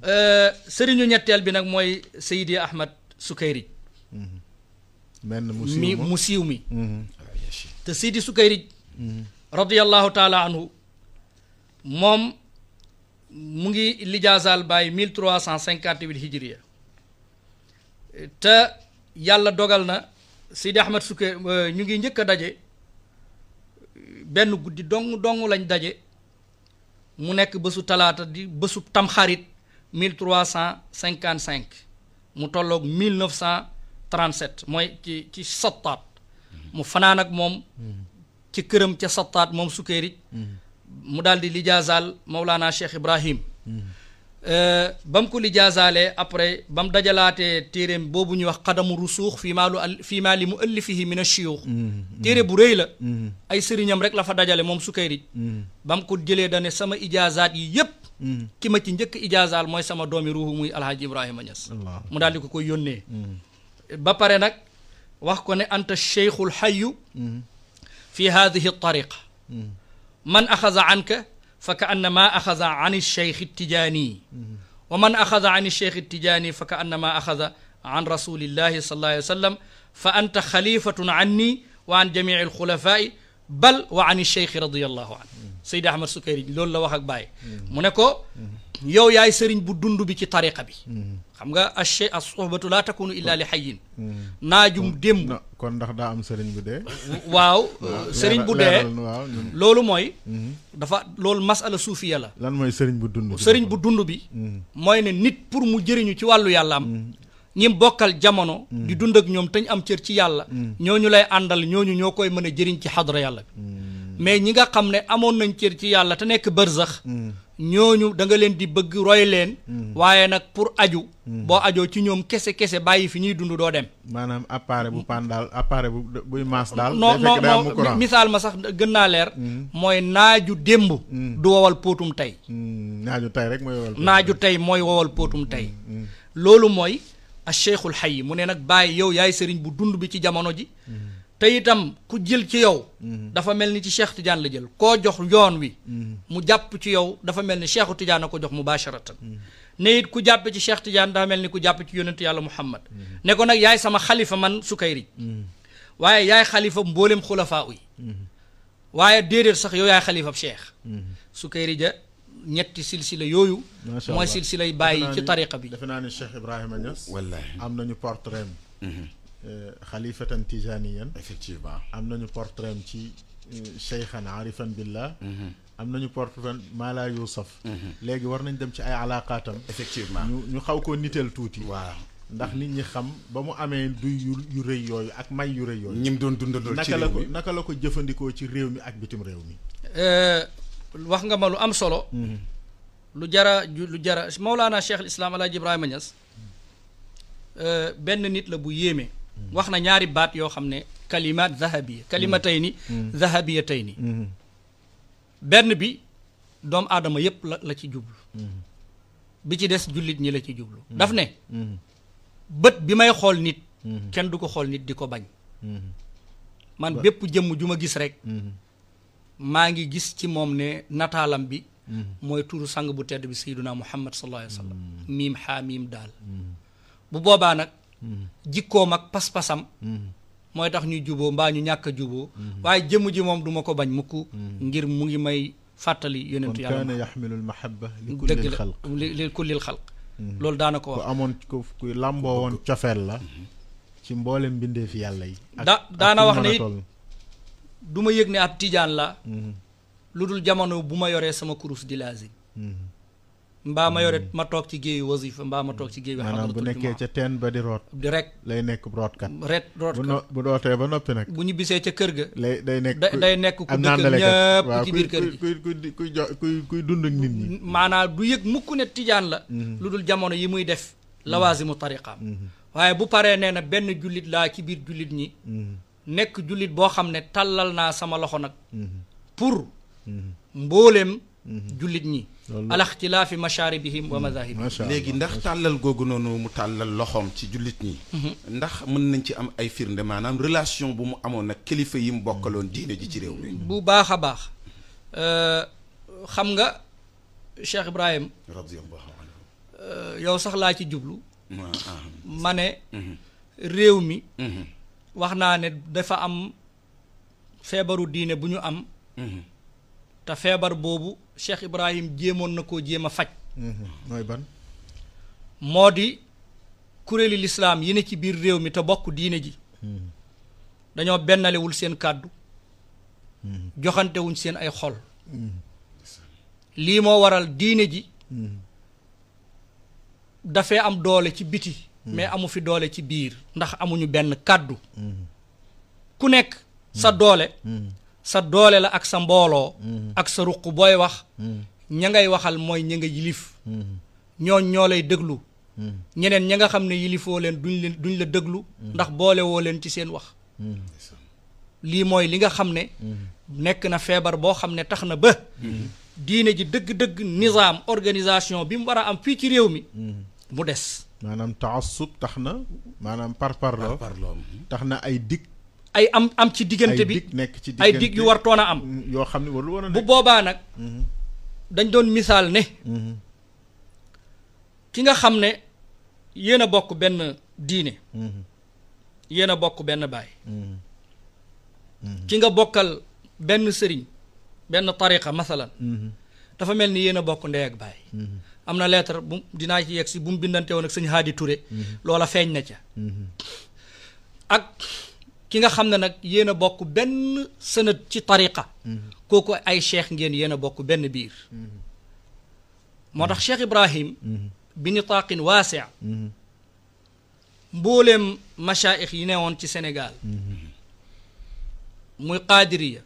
euh, sëriñu ñetteel bi nag mooy sayidi ahmad sukayrij mi mu siiw mi te Sidi Sukayrij radiallahu taala anhu moom mu ngi lijaasaal bàyyi mille cent cinquante huit hijriya te yàlla dogal na Sidi Ahmed Sukay ñu ngi njëkk a daje benn guddi dong dong lañ daje mu nekk bésu talaata di bësu tamxarit mille trois cent cinquante mu tolloog mille neuf cent mooy ci ci sottaat mu fanaan ak moom hmm. ci këram ca sattaat moom sukkeeri hmm. mu daal di lijaazaal Mawlaana Cheikh Ibrahim hmm. euh, ba mu ko lijaazaalee après ba mu dajalaatee téeréem boobu ñu wax xadamu rusuux fii maa lu al fii maa li mu ëllifihi min ashiyuux téere bu rëy la ay sëriñam rek lafa dajale moom sukkeeri ba mu ko jëlee dane sama ijaazaat yi yëpp ki ma ci njëkk ijaazaal mooy sama doomi ruuxu muy alhaaji Ibrahima Niass mu daal di ko koy yónnee ba pare nag وحكونا أنت الشيخ الحي في هذه الطريقة من أخذ عنك فكأنما أخذ عن الشيخ التجاني ومن أخذ عن الشيخ التجاني فكأنما أخذ عن رسول الله صلى الله عليه وسلم فأنت خليفة عني وعن جميع الخلفاء بل وعن الشيخ رضي الله عنه سيد أحمد سكيري لولا وحق باي منكو yow yaay sëriñ bu dund bi ci tariqa bi mm-hmm. xam nga ache as sohbatu laa takunu illa li xayin mm-hmm. naajum démb kon ndax daa am sëriñ bu dee waaw sëriñ bu dee loolu mooy mm-hmm. dafa loolu masala suufiya la lan mooy sëriñ bu dund sëriñ bu dund bi mooy ne nit pour mu jëriñu ci wàllu yàlla am ñi bokkal jamono di dund ak ñoom teñ am cër ci yàlla ñoo ñu lay àndal ñooñu ñoo koy mën a jëriñ ci xadra yàlla bi mais ñi nga xam ne amoon nañ cër ci yàlla te nekk bërzax ñooñu da nga leen di bëgg roy leen. Mm-hmm. waaye nag pour aju. Mm-hmm. boo ajoo ci ñoom kese kese bàyyi fi ñuy dund doo dem. maanaam appareil bu pan daal appareil bu buy maas daal. noo non non misaal ma sax gën naa leer. Mm-hmm. mooy naaju démb. du wowal póotum tey. naaju tey rek mooy wowal. naaju tey mooy wowal póotum tey. loolu mooy a cheikhul xay yi mu ne nag bàyyi yow yaay sëriñ bu dund bi ci jamono ji. tey itam ku jël ci yow. Mhm. dafa mel ni ci Cheikh Tidiane la jël koo jox yoon wi. Mhm. mu jàpp ci yow dafa mel ni Cheikhu Tidiane a ko jox mubasharatan mhm. ne it ku jàpp ci Cheikh Tidiane dafa mel ni ku jàpp ci yonent yàlla Muhammad ne ko nag yaay sama xalifa man Sukayrij waaye yaay xalifa mboolem xulafaa yi. waaye déedéet sax yow yaay xalifab Cheikh. Sukayrij ja ñetti silsila yooyu. macha allah mooy silsilay bàyyi ci tariqa bi. defe naa ni Cheikh Ibrahima Niass. am nañu portrait خليفة tijaniyan effectivement am nañu portrait am ci cheikhan arifan billah am nañu portrait maa laa yuusaf léegi war nañ dem ci ay alaaqaatam effectivement ñu ñu xaw ndax nit ñi xam ba mu amee duy yu rëy yooyu ak may yu rëy yooyu ñim doon dundandoo naka la ko naka la ko jëfandikoo ci réew mi ak bitim réew mi wax nga ma lu am solo lu jara lu jara Mawlaana Cheikh al Islam Alaaji Ibrahima Niass benn nit la bu wax na ñaari baat yoo xam ne kalimaat zahabiya kalimatayni mm. mm. zahabiyatayni mm-hmm. benn bi doomu aadama yépp la ci jublu mm-hmm. bi ci des jullit ñi la ci jublu mm-hmm. daf ne bët bi may xool nit kenn du ko xool nit di ko bañ man bépp jëmm ju ma gis rek maa ngi gis ci moom ne nataalam bi mooy turu sang bu tedd bi sayyiduna muhammad sallallahu alayhi wa sallam miim xaa daal bu boobaa nag jikkoom ak pas-pasam mm. mooy tax ñuy juboo mbaa ñu ñàkk a juboo mm-hmm. waaye jëmm ji moom duma ko bañ mukk mm-hmm. ngir mu ngi may fàttali yonentu yàlla kon kaana yaxmilu almahabba li kulli xalq li kulli mm-hmm. loolu daana ko wax ku amoon ku làmboo woon cofeel la ci mboole mbindeef yàlla yi da daana wax ne it du ma yëg ne ab tiijaan la lu dul jamono bu ma yoree sama kurus di laazim mbaa ma yore hmm. ma toog ci géeyu wasifa mbaa ma toog ci géeyu maanaam bu nekkee ca teen ba di root di rek lay nekk rootkat ret rootkat bu dootee ba noppi nag bu ñu bisee ca kër ga lay day nekk day nekk ku dëkk ñëpp ci kuy kuy kuy dund ak nit ñi maanaam du yëg mukk ne tijaan la hmm. lu dul jamono yi muy def hmm. lawaasimu tariqaam waaye bu paree nee na benn jullit laa ci biir jullit ñi nekk jullit boo xam ne tàllal naa sama loxo nag pour mbooleem jullit ñi ala ixtilaafi masharibihim wa madahibihim léegi ndax tàllal googu noonu mu tàllal loxoom ci jullit ñi ndax mën nañ ci am ay firnde maanaam relation bu mu amoon nag kilifa yi mu bokkaloon diine ji ci réew mi bu baax a baax xam nga Cheikh Ibrahim radiyallahu anhu yow sax laa ci jublu ma ne réew mi wax naa ne dafa am feebaru diine bu ñu am te feebar boobu Cheikh Ibrahim jéemoon na koo jéem a faj. Mhm. mooy ban. moo di kuréeli lislaam yi ne ci biir réew mi te bokk diine ji. Mhm. dañoo bennalewul seen kàddu. Mhm. joxantewuñ seen ay xol. lii moo waral diine ji. dafay am doole ci biti. mais amu fi doole ci biir. ndax amuñu benn kàddu. ku nekk sa doole. sa doole la ak sa mbooloo mm-hmm. ak sa ruq booy wax mm-hmm. ña ngay waxal mooy ña nga yilif mm-hmm. ñooñ ñoo lay déglu ñeneen ña nga xam ne yilifoo leen duñ leen duñ la déglu ndax boole woo leen ci seen wax lii mooy li nga xam ne nekk na feebar boo xam ne tax na ba diine ji dëgg-dëgg nizaam organisation bi mu war a am fii ci réew mi mu des maanaam taassub tax na maanaam par par parparloo tax na ay dikk ay am am ci digënté bi ay dig yu war toon am mm, yo xamni war lu wona bu boba nak mm-hmm. dañ doon misal ne mm-hmm. ki nga xam ne bokk ben diiné mm-hmm. yéen bokk ben bay, ki nga bokkal ben sëriñ ben tariqa masalan dafa melni ni bokk ndey ak bay amna lettre bu dina ci yexi bu mu bindante woon ak sëñ hadi Touré lola na ca ak ki nga xam ne nag yéen a bokk benn sënat ci tariqa mhm. kooku ay cheikh ngeen yéen a bokk benn biir mhm. moo tax cheikh ibrahim mhm. bi nitaaqin waasea mbooleem machaayix yi woon ci senegal muy qaadiriya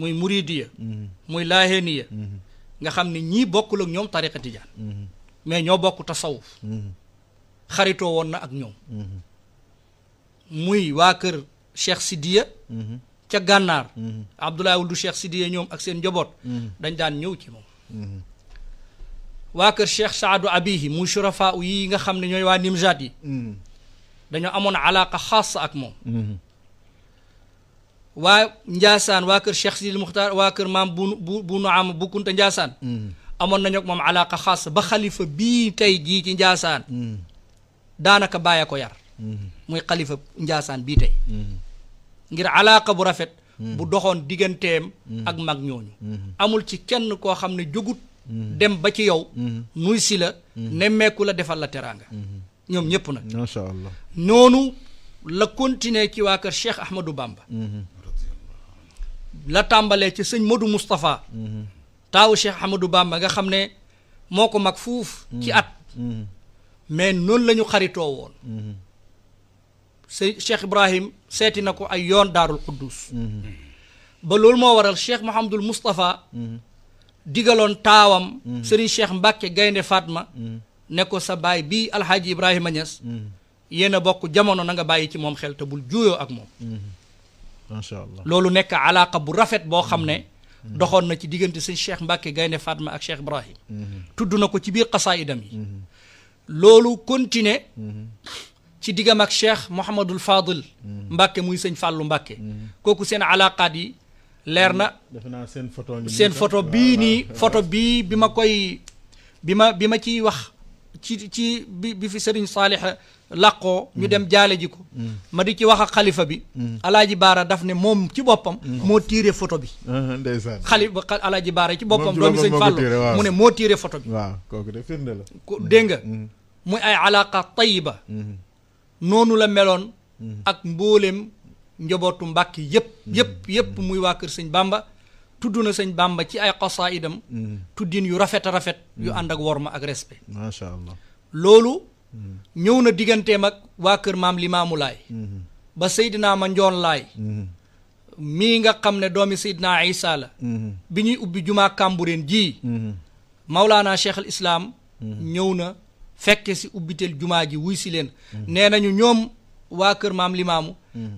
muy muridiya muy laaheniya nga xam ne ñii bokkul ak ñoom tariqa tijaan mais ñoo bokk tasawuf xaritoo woon na ak ñoom muy waa kër Cheikh Sidiya mhm. ca gànnaar mhm. Abdoulaye wuldu Cheikh Sidiya ñoom ak seen njaboot mhm. dañ daan ñëw ci moom waa kër Cheikh Saadu Abihi muy surafa u nga xam ne ñooy waa Nimjaat yi dañoo amoon alaaqa xaasa ak moom waa Njaasaan waa kër Cheikh Sidil Muxtaar waa kër maam bu bu nu am bu Kunta Njaasaan amoon nañu ak moom alaaqa xaasa ba xalifa bii tey jii ci Njaasaan daanaka bàyyi ko yar muy xalifa njaasaan bii tey mm-hmm. ngir alaaka bu rafet mm-hmm. bu doxoon digganteem mm-hmm. ak mag ñooñu amul ci kenn koo xam ne jógut dem ba ci yow nuy sila nemmeeku la defal la teraanga ñoom ñëpp nag macha allah noonu la continuer ci waa kër Cheikh Ahmadou Bamba la tàmbalee ci sëñ Modou Moustapha taawu Cheikh Ahmadou bàmba nga xam ne moo ko mag fuuf ci at mais noonu lañu xaritoo woon sëy Cheikh Ibrahim seeti na ko ay yoon daarul quddus ba loolu moo waral Cheikh Mouhamadul Moustapha digaloon taawam sëriñ Cheikh mbakke gaynde faatma ne sa baay bi alxaaji Ibrahima Niass yéen a bokk jamono na nga bàyyi ci moom xel te bul juuyoo ak moom loolu nekk a alaaka bu rafet boo xam ne doxoon na ci diggante sëñ Cheikh Mbacke gaynde Fatma ak Cheikh Ibrahim tudd na ko ci biir xasaayidam yi mhm. loolu continuer mhm. ci diggam ak cheikh Mouhamadul Fadil. Mm. Mbacke muy sëñ Fallou Mbacke. Mm. kooku seen alaqaat yi leer na. Mm. defe seen photo seen photo bii nii photo bii bi ma koy bi ma bi ma ciy wax ci ci bi fi sëriñ Saalix làqoo ñu dem jaale ji ko. ma di ci wax ak xalifa bi. alaaji baara daf ne moom ci boppam. moo tiire photo bi. ndeysaan xalifa alaaji ci boppam. doomi moo tiire photo bi. muy ay alaqa tayiba noonu la meloon mm-hmm. ak mbooleem njobootu mbàkki yëpp mm-hmm. yëpp yëpp muy waa kër sëñ bàmba tudd na sëñ bàmba ci ay xasaayidam mm-hmm. tuddin yu rafet rafet yu ànd ak worma ak respect loolu ñëw na digganteem ak waa kër maam limaamu laay ba Seydina ma njoon laay mii nga xam ne doomi Seydina Isa la bi ñuy ubbi jumaa Kàmbureen jii Mawlaana Cheikh Islaam ñëw na fekke si ubbiteel jumaa ji wuy si leen nee nañu ñoom waa kër maam limaamu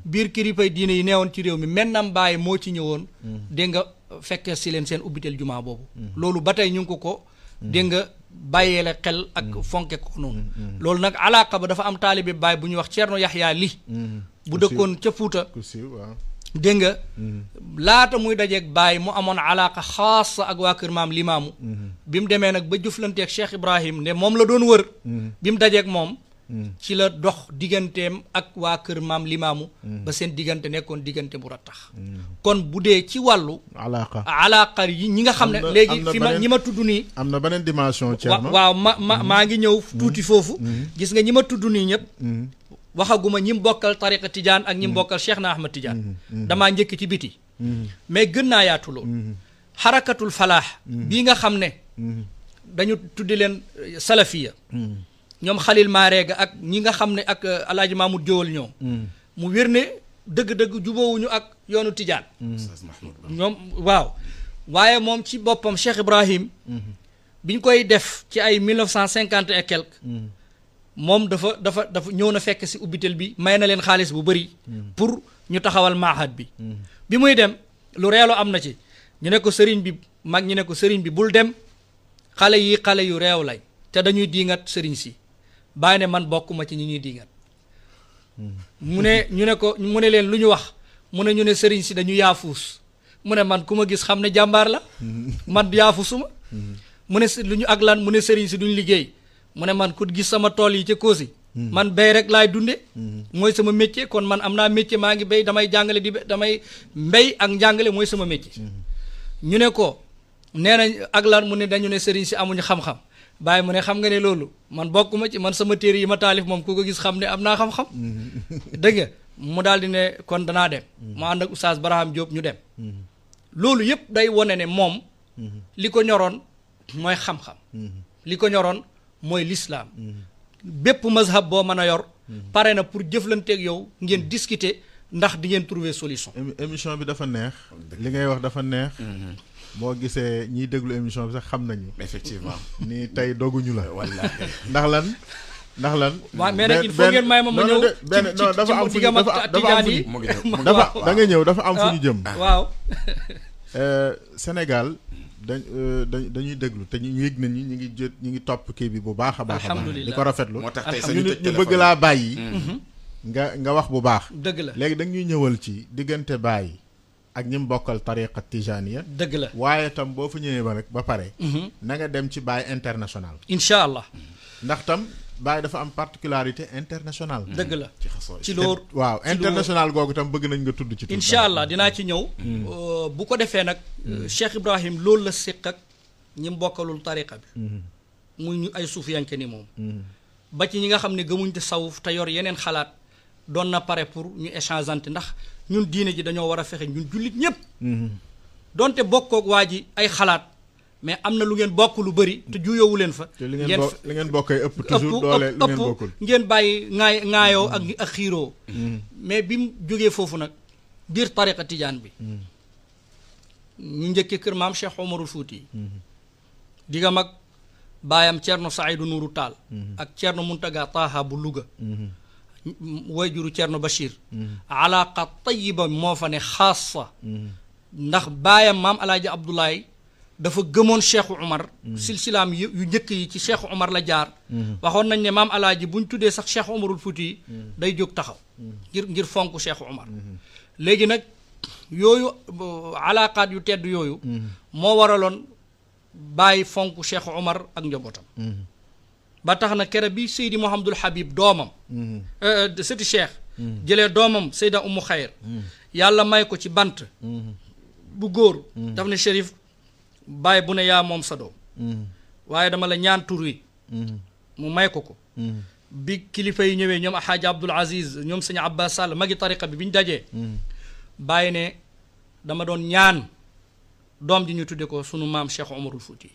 biir kilifay diine yi neewoon ci réew mi mennam bàyyi moo ci ñëwoon dégg nga fekke si leen seen ubbiteel jumaa boobu loolu ba tey ñu ko ko dégg nga bàyyee la xel ak fonke ko noonu loolu nag alaaka ba dafa am taalibe baay bu ñu wax Ceerno Yaxya Li mm-hmm. bu dëkkoon ca Fuuta dégg nga mm-hmm. laata muy dajeeg baay mu amoon alaaka xaasa ak waa kër maam limaamu mm-hmm. bi mu demee nag ba jëflanteeg Cheikh Ibrahim ne moom la doon wër mm-hmm. bi mu dajeek moom ci la dox digganteem ak waa kër maam limaamu ba seen diggante nekkoon diggante bu rattax kon bu dee ci wàllu alaaka alaaka ñi nga xam ne léegi fi ma ñi ma tudd nii am na beneen dimension waaw ma ma maa ngi ñëw tuuti foofu gis nga ñi ma tudd nii ñëpp waxaguma ñi bokkal tariqa Tidiane ak ñi mbokkal mm-hmm. Cheikh na Ahmad Tidiane mm-hmm. damaa njëkk ci biti mm-hmm. mais gën naa yaatu xarakatul falaax bii nga xam ne dañu tuddi leen euh, salafiya ñoom xalil maareega ak ñi nga xam ne ak euh, alaaji Mamoud Jowal ñoo mu wér ne dëgg-dëgg jubóowuñu ak yoonu Tidiane ñoom waaw waaye moom ci boppam Cheikh Ibrahim ñu koy def ci ay mille neuf cent cinquante Mom dafa dafa dafa ñëw na fekk si hôpital bi may na leen xaaliss bu bari hmm. pour ñu taxawal mahad bi hmm. bi muy dem lu reelo am na ci ñu ne ko serigne bi mag ñu ne ko serigne bi bul dem xalé yi xalé yu reew lay te dañuy diingat sëriñ si bàyyi man bokkuma ci ñi ñuy diingat hmm. mu ne ñu ne ko mu ne leen lu ñu wax mu ne ñu ne serigne si dañu yafus mu ne man kuma gis xamne jambar la man yaafuusuma mu ne lu ak lan mu ne serigne si duñ liggéey mu ne man ku gis sama tool yi ca Kossy hmm. man bay rek laay dunde hmm. mooy sama métier kon man am naa métier maa ngi bay damay jàngale di damay mbéy ak njàngale mooy sama métier hmm. ñu ne ko nee nañ ak lan mu ne dañu ne sëriñ si amuñu xam-xam bàyyi mu ne xam nga ne loolu man bokk ma ci man sama téere yi ma taalif moom ku ko gis xam ne am naa xam-xam dëgg mu daal di ne kon danaa dem mu ànd ak oustaz Baraham Diop ñu dem loolu yëpp day wone ne moom li ko ñoroon mooy xam ko ñoroon mooy lislaam bépp mazhab boo mën a yor pare na pour jëflanteeg yow ngeen discuter ndax di ngeen trouver solution émission bi dafa neex li ngay wax dafa neex mm-hmm. boo gisee ñiy déglu émission bi sax xam nañu effectivement ni tey doguñu la wallaahi ndax lan ndax lan waaw mais nag ngeen may ma ma ñëw benn non dafa am fu ñu dafa yi dafa da nga ñëw dafa am fu jëm waaw euh, Sénégal Euh, dañ dañuy déglu te ñu yëg nañ ñi ñu ngi jot ñu ngi topp kii bi bu baax a baax. alhamdulilah di ko rafetlu moo tax tey sañu tëj ñu bëgg laa bàyyi. Mhm. nga nga wax bu baax. dëgg léegi da ñuy ñëwal ci diggante bàyyi ak ñi mu bokkal tariqa tijaniya. dëgg la waaye tam boo fa ñëwee ba rek ba pare. Mhm. na nga dem ci bàyyi international. incha allah ndax tam. Baye dafa am particularité internationale. dëgg la ci loolu waaw international googu tam bëgg nañ nga tudd ci. incha allah dinaa ci ñëw. Mm. Euh, bu ko defee nag. Mm. Euh, Cheikh Ibrahim loolu la séq ak ñi mbokkalul tariqa bi. Mm-hmm. muy ñu ay suuf suufiyanke ni moom. Mm-hmm. ba ci ñi nga xam ne gëmuñ te sawuf te yor yeneen xalaat doon na pare pour ñu échangeante ndax ñun diine ji dañoo war a fexe ñun jullit ñëpp. Mm-hmm. donte bokkook waa ji ay xalaat. mais amna lu ngeen bokk lu beuri te juyoowu len fa. li ngeen bokk li ngeen bokkee ëpp toujours dole lu ngeen bokul ngeen bàyyi ngay ngayo ak mm-hmm. akhiro mm-hmm. mais bim joge fofu nak bir tariqa tidiane bi. Mm-hmm. ñu njëkkee kër maam Cheikh Omarul Fouti. diga mak bayam cierno Saïdou Nourou tal ak cierno Muntaga Taha bu luga wayjuru cierno bashir alaqa tayyiba mo fa ne khassa ndax bayam maam El Abdoulaye. dafa gëmoon cheikhu Umar. Mm-hmm. silsilaam yu njëkk yi ci cheikhu Umar la jaar. Mm-hmm. waxoon nañ ne maam alaaji bu ñu tuddee sax cheikhu Umarul Fuuti mm-hmm. day jóg taxaw. ngir ngir fonk cheikhu Umar. léegi nag yooyu alaaqaat yu tedd yooyu. moo waraloon bàyyi fonk cheikhu Umar ak njabootam. ba tax na kere bi Seydi Mouhamadul Habib doomam. Euh, euh, sëti cheikh. jëlee doomam Seyda Umu Xayr. yàlla may ko ci bant. bu góor. daf ne shérif. baay bu ne yaa moom sa doom mm-hmm. waaye dama la ñaan tur mm-hmm. mu may ko ko mm-hmm. bi kilifa yi ñëwee ñoom Alxaaji Abdul Aziz ñoom sëñ Abbas Sall magi tariqa bi bi ñu dajee bàyyi ne dama doon ñaan doom ji ñu tudde ko sunu maam Cheikh Omarul Fouti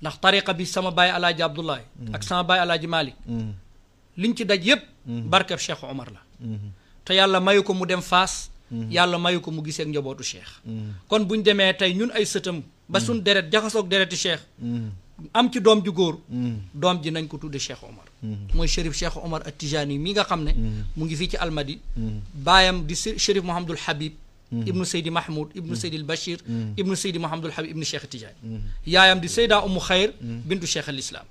ndax tariqa sama baay alaaji Abdoulaye ak sama baay alaaji Malick liñ ci daj yépp barkeb Cheikh Omar la te yàlla mayu ko mu dem Faas Mhm. yàlla mayu ko mu gisee ak njabootu cheikh mhm. kon buñ demee tey ñun ay sëtam ba mhm. suñ deret jaxasoog dereti cheikh am ci doom ju góor doom ji nañ ko tudde cheikh omar mooy chérif cheikh omar at tijani mii nga xam ne mu ngi fii ci almadi baayam di chérif mouhamadul habib ibnu seydi mahmoud ibnu seydil bachir ibnu seydi mouhamadul habib ibnu cheikh tijani yaayam di seyda umu xayr bintu cheikh al islam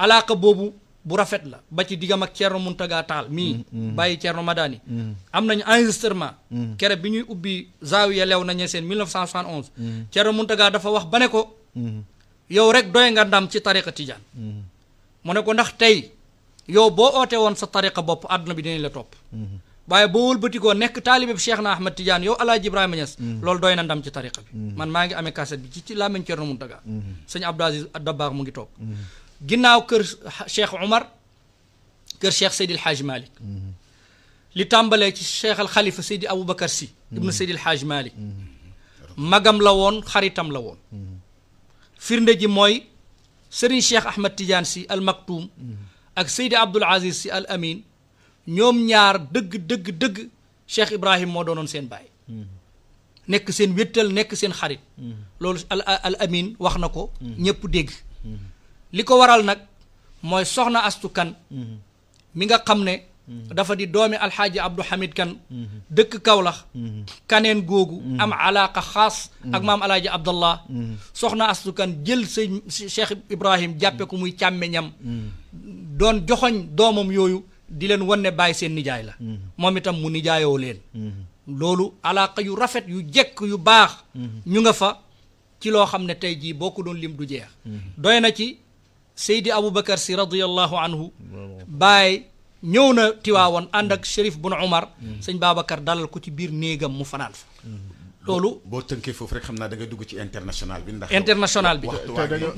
alaaka boobu bu rafet la ba ci diggam ak Thierno Mountaga Tall mii mm, mm. bàyyi Thierno Madani mm. am nañu enregistrement kere bi ñuy ubbi zaawiya leew nañu seen 1971 Thierno Mountaga dafa wax ba ne ko yow rek doy nga ndam ci tariqa tijaan mu ne ko ndax tey yow boo ootee woon sa tariqa bopp àdduna bi dinañ la topp waaye boo wëlbatikoo nekk taalibeb Cheikh na Ahmad Tidiane yow alaaji Ibrahima Niass lool doy na ndam ci tariqa bi man maa ngi amee cassette bi ci ci làmmiñ Thierno Mountaga sëñ Abdou Aziz Dabakh mu ngi toog جناو كر شيخ عمر كر شيخ سيد الحاج مالك اللي تامبل شيخ الخليفه سيد ابو بكر سي ابن سيد الحاج مالك مغام لاون خريتام لاون فيرنده جي موي سيرين شيخ احمد تيجان سي المكتوم اك سيد عبد العزيز سي الامين نيوم نيار دغ دغ دغ شيخ ابراهيم مو دونون سين باي نيك سين ويتال نيك سين خريت لول الامين واخنا كو نيب دغ li ko waral nag mooy soxna astu kan mhm. mi nga xam ne mhm. dafa di doomi alxaaji abdu hamid kan mhm. dëkk kawlax kaneen googu am alaaqa xaas ak maam alaaji abdallah soxna astu kan jël sëñ cheikh ibrahim jàppe ko muy càmmeñam doon joxoñ doomam yooyu di leen wan ne bàyyi seen nijaay la moom itam mu nijaayoo leen loolu alaaqa yu rafet yu jekk yu baax ñu nga fa ci loo xam ne tey jii boo ko doon lim du jeex doy na ci seydi aboubacar si radiallahu anhu baay ñëw na tiwaawoon ànd ak shérif bun omar sëñ babacar dalal ko ci biir néegam mu fanaan fa loolu boo tënkee foofu rek xam naa da nga dugg ci international bi ndax international bi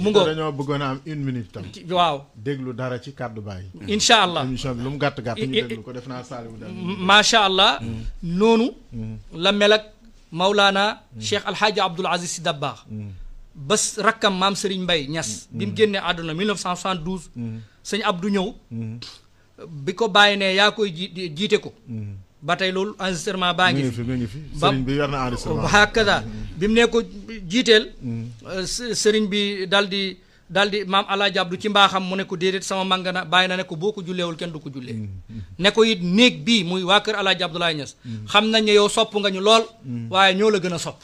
mu ngoo dañoo bëggoon a am une minute tam waaw déglu dara ci kàddu bàyyi incha allah émission bi lu mu gàtt gàtt ñu déglu ko def naa saaliwu daal macha allah noonu la mel ak maulaana cheikh alhaaji abdoul aziz si dabbaax ba rakkam maam Serigne mbay ñas mm-hmm. bi mu génnee àdduna 1972. Mm-hmm. sëñ du ñëw. Mm-hmm. bi ko bàyyi ne yaa koy ji jiite ko. ba tey loolu enregistrement baa ngi fi sëriñ bi yor na enregistrement ba bi mu ne ko jiiteel. Euh, sëriñ bi daal di daal di maam Alaaji Abdu ci mbaaxam mu ne ko déedéet sama mangana bàyyi na ne ko boo ko julleewul kenn du ko jullee. ne ko it néeg bi muy waa kër Alaaji Abdoulaye Niass. xam nañ ne yow sopp nga ñu lool. waaye ñoo la gën a sopp.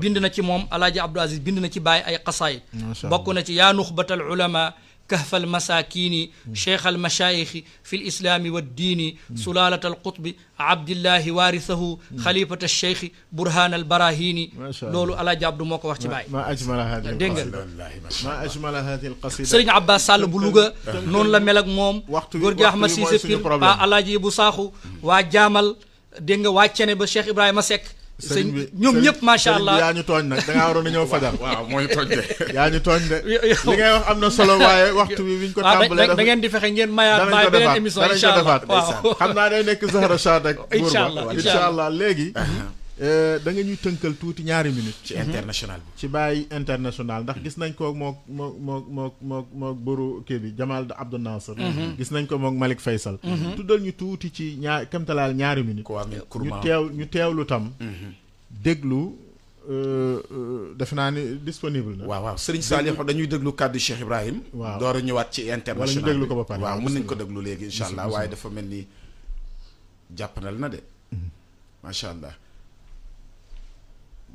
bind na ci moom alaaji عبد Aziz bind باي ci bàyyi ay xasaay bokk يا نخبة العلماء كهف المساكين شيخ المشايخ في الإسلام والدين سلالة القطب عبد الله وارثه خليفة الشيخ برهان البراهين لولو على جابد موكو وقت باي ما أجمل هذه القصيدة ما أجمل هذه القصيدة سرين عباس سال بلوغة نون لا ملك موم غورغي أحمد سيسي في الله جي بوساخو وجامل دينغ واتشني بشيخ إبراهيم سيك sëñ bi ñoom ñëpp macha allah yaa ñu tooñ nag da ngaa waroon a ñëw fajar. waaw mooy tooñ de. yaa ñu tooñ de li ngay wax am na solo waaye waxtu bi biñ ko ah, tàmbalee. da ngeen di fexe ngeen mayaat maay beneen émission incha allah xam naa day nekk Zahra Chad ak. incha allah léegi. Uh-huh. Euh, da nga ñuy tënkal tuuti ñaari minute ci mhm. international bi ci bàyyi international ndax gis nañ ko mook mook mook mook mook mook boru kii bi Jamal Abdou Nasser mhm. Mhm. gis nañ ko mook Malick Faysal tuddal ñu tuuti ci ñaar kamtalaal ñaari minute ñu teew ñu teewlu tam déglu euh, euh, defe naa ni disponible na. waaw waaw Serigne Saliou dañuy déglu kàddu Cheikh Ibrahim. waaw door a ñëwaat ci international wala ñu déglu ko ba pare waaw mën nañ ko déglu léegi incha allah waaye dafa mel ni jàppandal na de macha allah.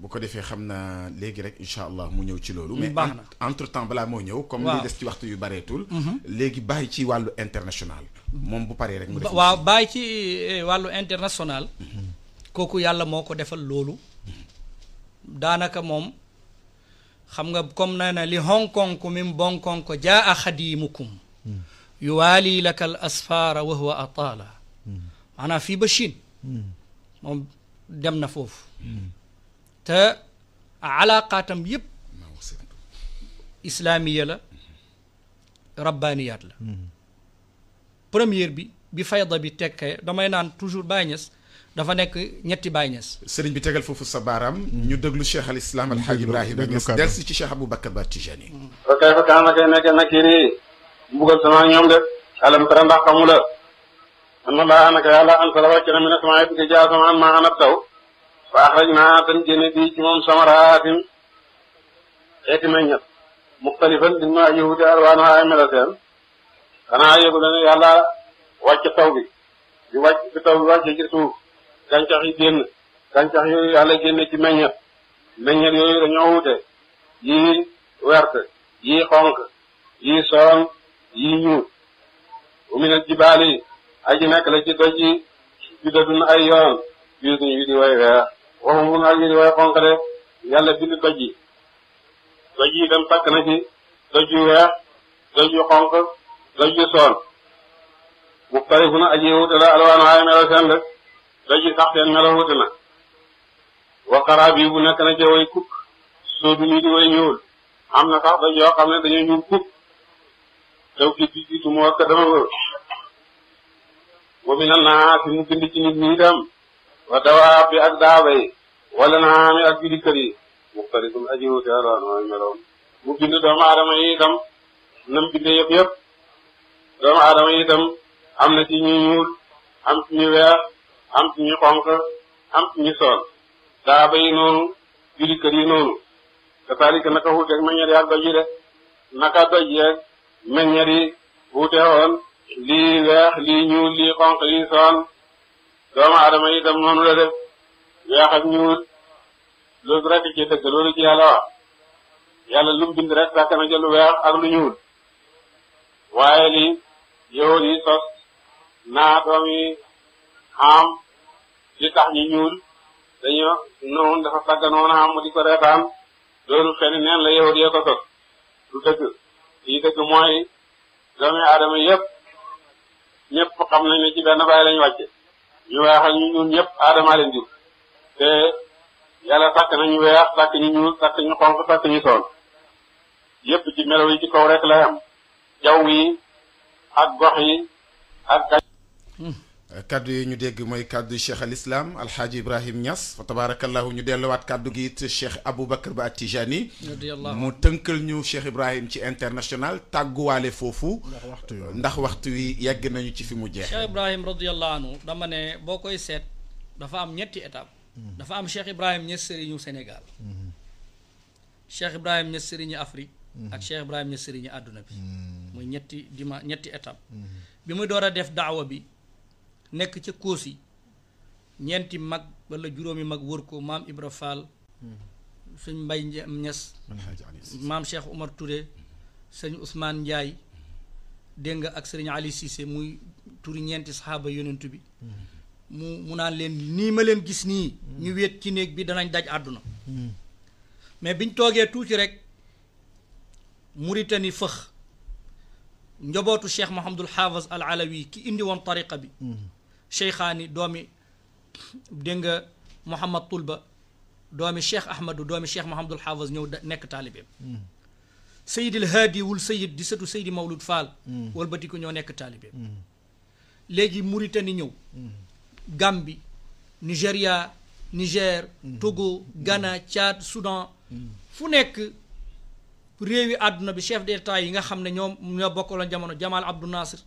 bu ko defee xam naa léegi rek incha allah mu ñëw ci loolu. mais entre temps balaa moo ñëw. comme li des ci waxtu yu bareetul. léegi bàyyi ci wàllu international. moom bu paree rek mu def. waaw bàyyi ci wàllu international. kooku yàlla moo ko defal loolu. daanaka moom xam nga comme nee na li Hong Kong ku min Bong Kong ko jaa xadiimukum. yuwaali laka al asfaara wa huwa atala maanaam fii ba Chine. moom dem na foofu. te alaaqaatam yëpp islaamiya la rabbaaniyaat la mm-hmm. première bi bi fayda bi tekkee damay naan toujours Baye dafa nekk ñetti Baye Niass bi tegal foofu sa baaraam ñu mm-hmm. déglu cheikh al islam alhaaj ibrahima Niass delsi ci cheikh aboubacar ba tijani fa kay fa kaana kay nekk nakiri mbugal sama ñoom alam tara ndax xamu la na laa naka yàlla an na mi ne sama yëpp di jaa maa anab taw فأخرجنا أتن جنبي جمم سمرات إتمنيت مختلفا لما يهود أروانا أعمل أتن أنا أعيب لنا يا الله وجه التوبي يوجه التوبي وجه جسوف كان شخي جن كان شخي يوي على جنة كمنيت منيت يوي رنعود يي ورد يي خونك يي سرم يي نيو ومن الجبال أجنك لجدجي يدبن أيام يدن يدي ويغير waxu mun a jëli waaye xonq de yàlla bind doj yi doj yi dem takk na ci doj weex doj yu xonq doj yu soon mu pare fu na aji la alwaan waaye melo seen de yi sax seen melo wute na waxaraa bi bu nekk na ci way kukk soodu nii way ñuul am na sax doj yoo xam ne dañoo ñuul kukk taw ki bi jiitu mu dama ko wa mina naasi mu bind ci nit ñi itam wa dawaa bi ak daaba yi wala naami ak judi kër yi muxtalifun aji wuute alwaanuhaa meloom mu bind doomu aadama yi tam nam binde yëpp yëpp doomu aadama yi itam am na ci ñuul am ci ñu weex am ci ñu xonq am ci ñu sool daa ba yi noonu judi yi noonu te taalika naka wuuteeg meññeer ak doj yi de naka doj yeeg meññeer yi wuute woon weex lii ñuul lii xonq lii sool doomu aadama yi itam noonu la def weex ak ñuul loolu rek ci dëgg loolu ci yàlla wax yàlla lu mu rek sàkk na weex ak lu ñuul waaye li yowoon yi sos naa doom yi xam tax ñu ñuul dañoo noonu dafa sàgganoon xam di ko reetaan loolu xeni neen la yowoon yee ko sos du dëgg lii dëgg mooy doomi aadama yëpp ñëpp xam nañ ne ci benn baay lañ wàcce ñu weex ak ñu ñuul ñëpp aadama leen jur te yàlla sàkk nañu weex sàkk ñu ñuul sàkk ñu xonq yépp ci melaw ci kaw rek lay am jaww yi ak gox hmm. kaddu yi ñu dégg mooy kaddu cheikh al islam alhaaji ibrahim ñas fa tabarakallahu ñu delluwaat kaddu gi it cheikh aboubacar ba atijani mu tënkal ñu cheikh ibrahim ci international tàgguwaale foofu ndax waxtu yi yegg nañu ci fi mu jeex cheikh ibrahim radiallahu anhu dama ne boo koy seet dafa am ñetti étape Mhm. dafa am Cheikh Ibrahim Niass sëriñu Senegal, mhm. Cheikh Ibrahim Niass serigne Afrique mhm. ak Cheikh Ibrahim Niass serigne aduna bi moy ñetti dima ñetti étape bi muy doora def daawa bi nek ci kosi ñenti mag wala juromi mag wër ko mam Ibra Fall suñ Mbay ñess mam Cheikh Omar Touré sëñ Ousmane denga ak serigne Ali Cissé muy turi ñenti sahaba yonentou bi mu mu naan leen nii ma leen gis nii ñu wéet ci néeg bi danañ daj àdduna hmm. mais biñ toogee tuuti rek Muritani fëx njobootu cheikh Mahamadul Haafaz al Alawi ki indi woon tariqa bi hmm. cheykhaani doomi dégg nga Mouhamad Tulba doomi cheikh Ahmadu doomi cheikh Mahamadul Haafaz ñëw nekk taalibeem hmm. Seydil Haadi wul di sëtu Seydi Mawlud Fall walbatiku ñoo nekk taalibeem léegi Muritani ñëw Gambie Nigéria Niger Togo Ghana Tchad Soudan fu nekk réewi chef d'état yi nga xam ne ñoom Jamal Abdou Nasser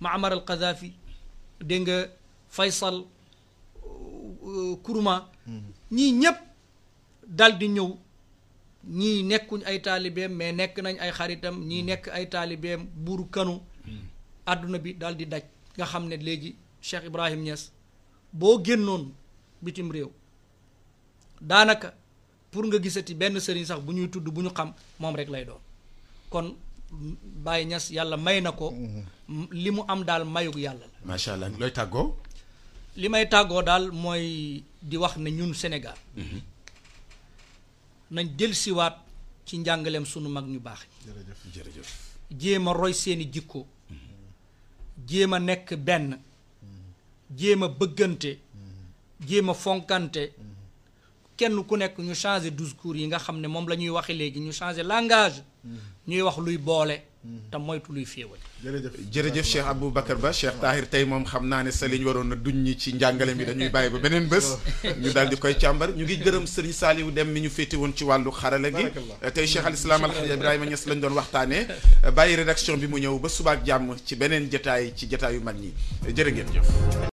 Maamar al Qadhafi dégg Faisal, Faysal Ni ñii ñépp dal di ñëw ñii nekkuñ ay taalibeem mais nekk nañ ay xaritam ñii nekk ay taalibeem buuru kanu àdduna bi dal di daj nga xam ne Cheikh Ibrahim Niass boo non bitim rew danaka pour nga gisati ben serigne sax buñuy tuddu buñu xam mom rek lay do kon Baye ñass yalla may nako mm-hmm. limu am dal mayug yalla la macha allah looy tàggoo li may tàggoo daal di wax ne ñun mm-hmm. nañ del ci njangalem sunu mag ñu bax jërëjëf jërëjëf jéem roy seeni jikko mm-hmm. jéem nek ben jéem a bëggante mm-hmm. jéem a fonkante mm-hmm. kenn ku nekk ñu changé discours yi nga xam ne moom la ñuy waxe léegi ñu changé langage mm-hmm. ñuy wax luy boole te moytu luy féewal jërëjëf jërëjëf Cheikh Aboubacar Ba Cheikh Tahir tey moom xam naa ne sa liñ waroon na duñ ñi ci njàngale mi dañuy bàyyi ba beneen bés ñu daal di koy càmbar ñu ngi gërëm Serigne Saliou dem mi ñu féete woon ci wàllu xarala gi tey Cheikh al Islam Alhaji Ibrahima Niass lañ doon waxtaanee bàyyi rédaction bi mu ñëw ba subaak jàmm ci beneen jataay ci jataayu mag ñi jërë ngeen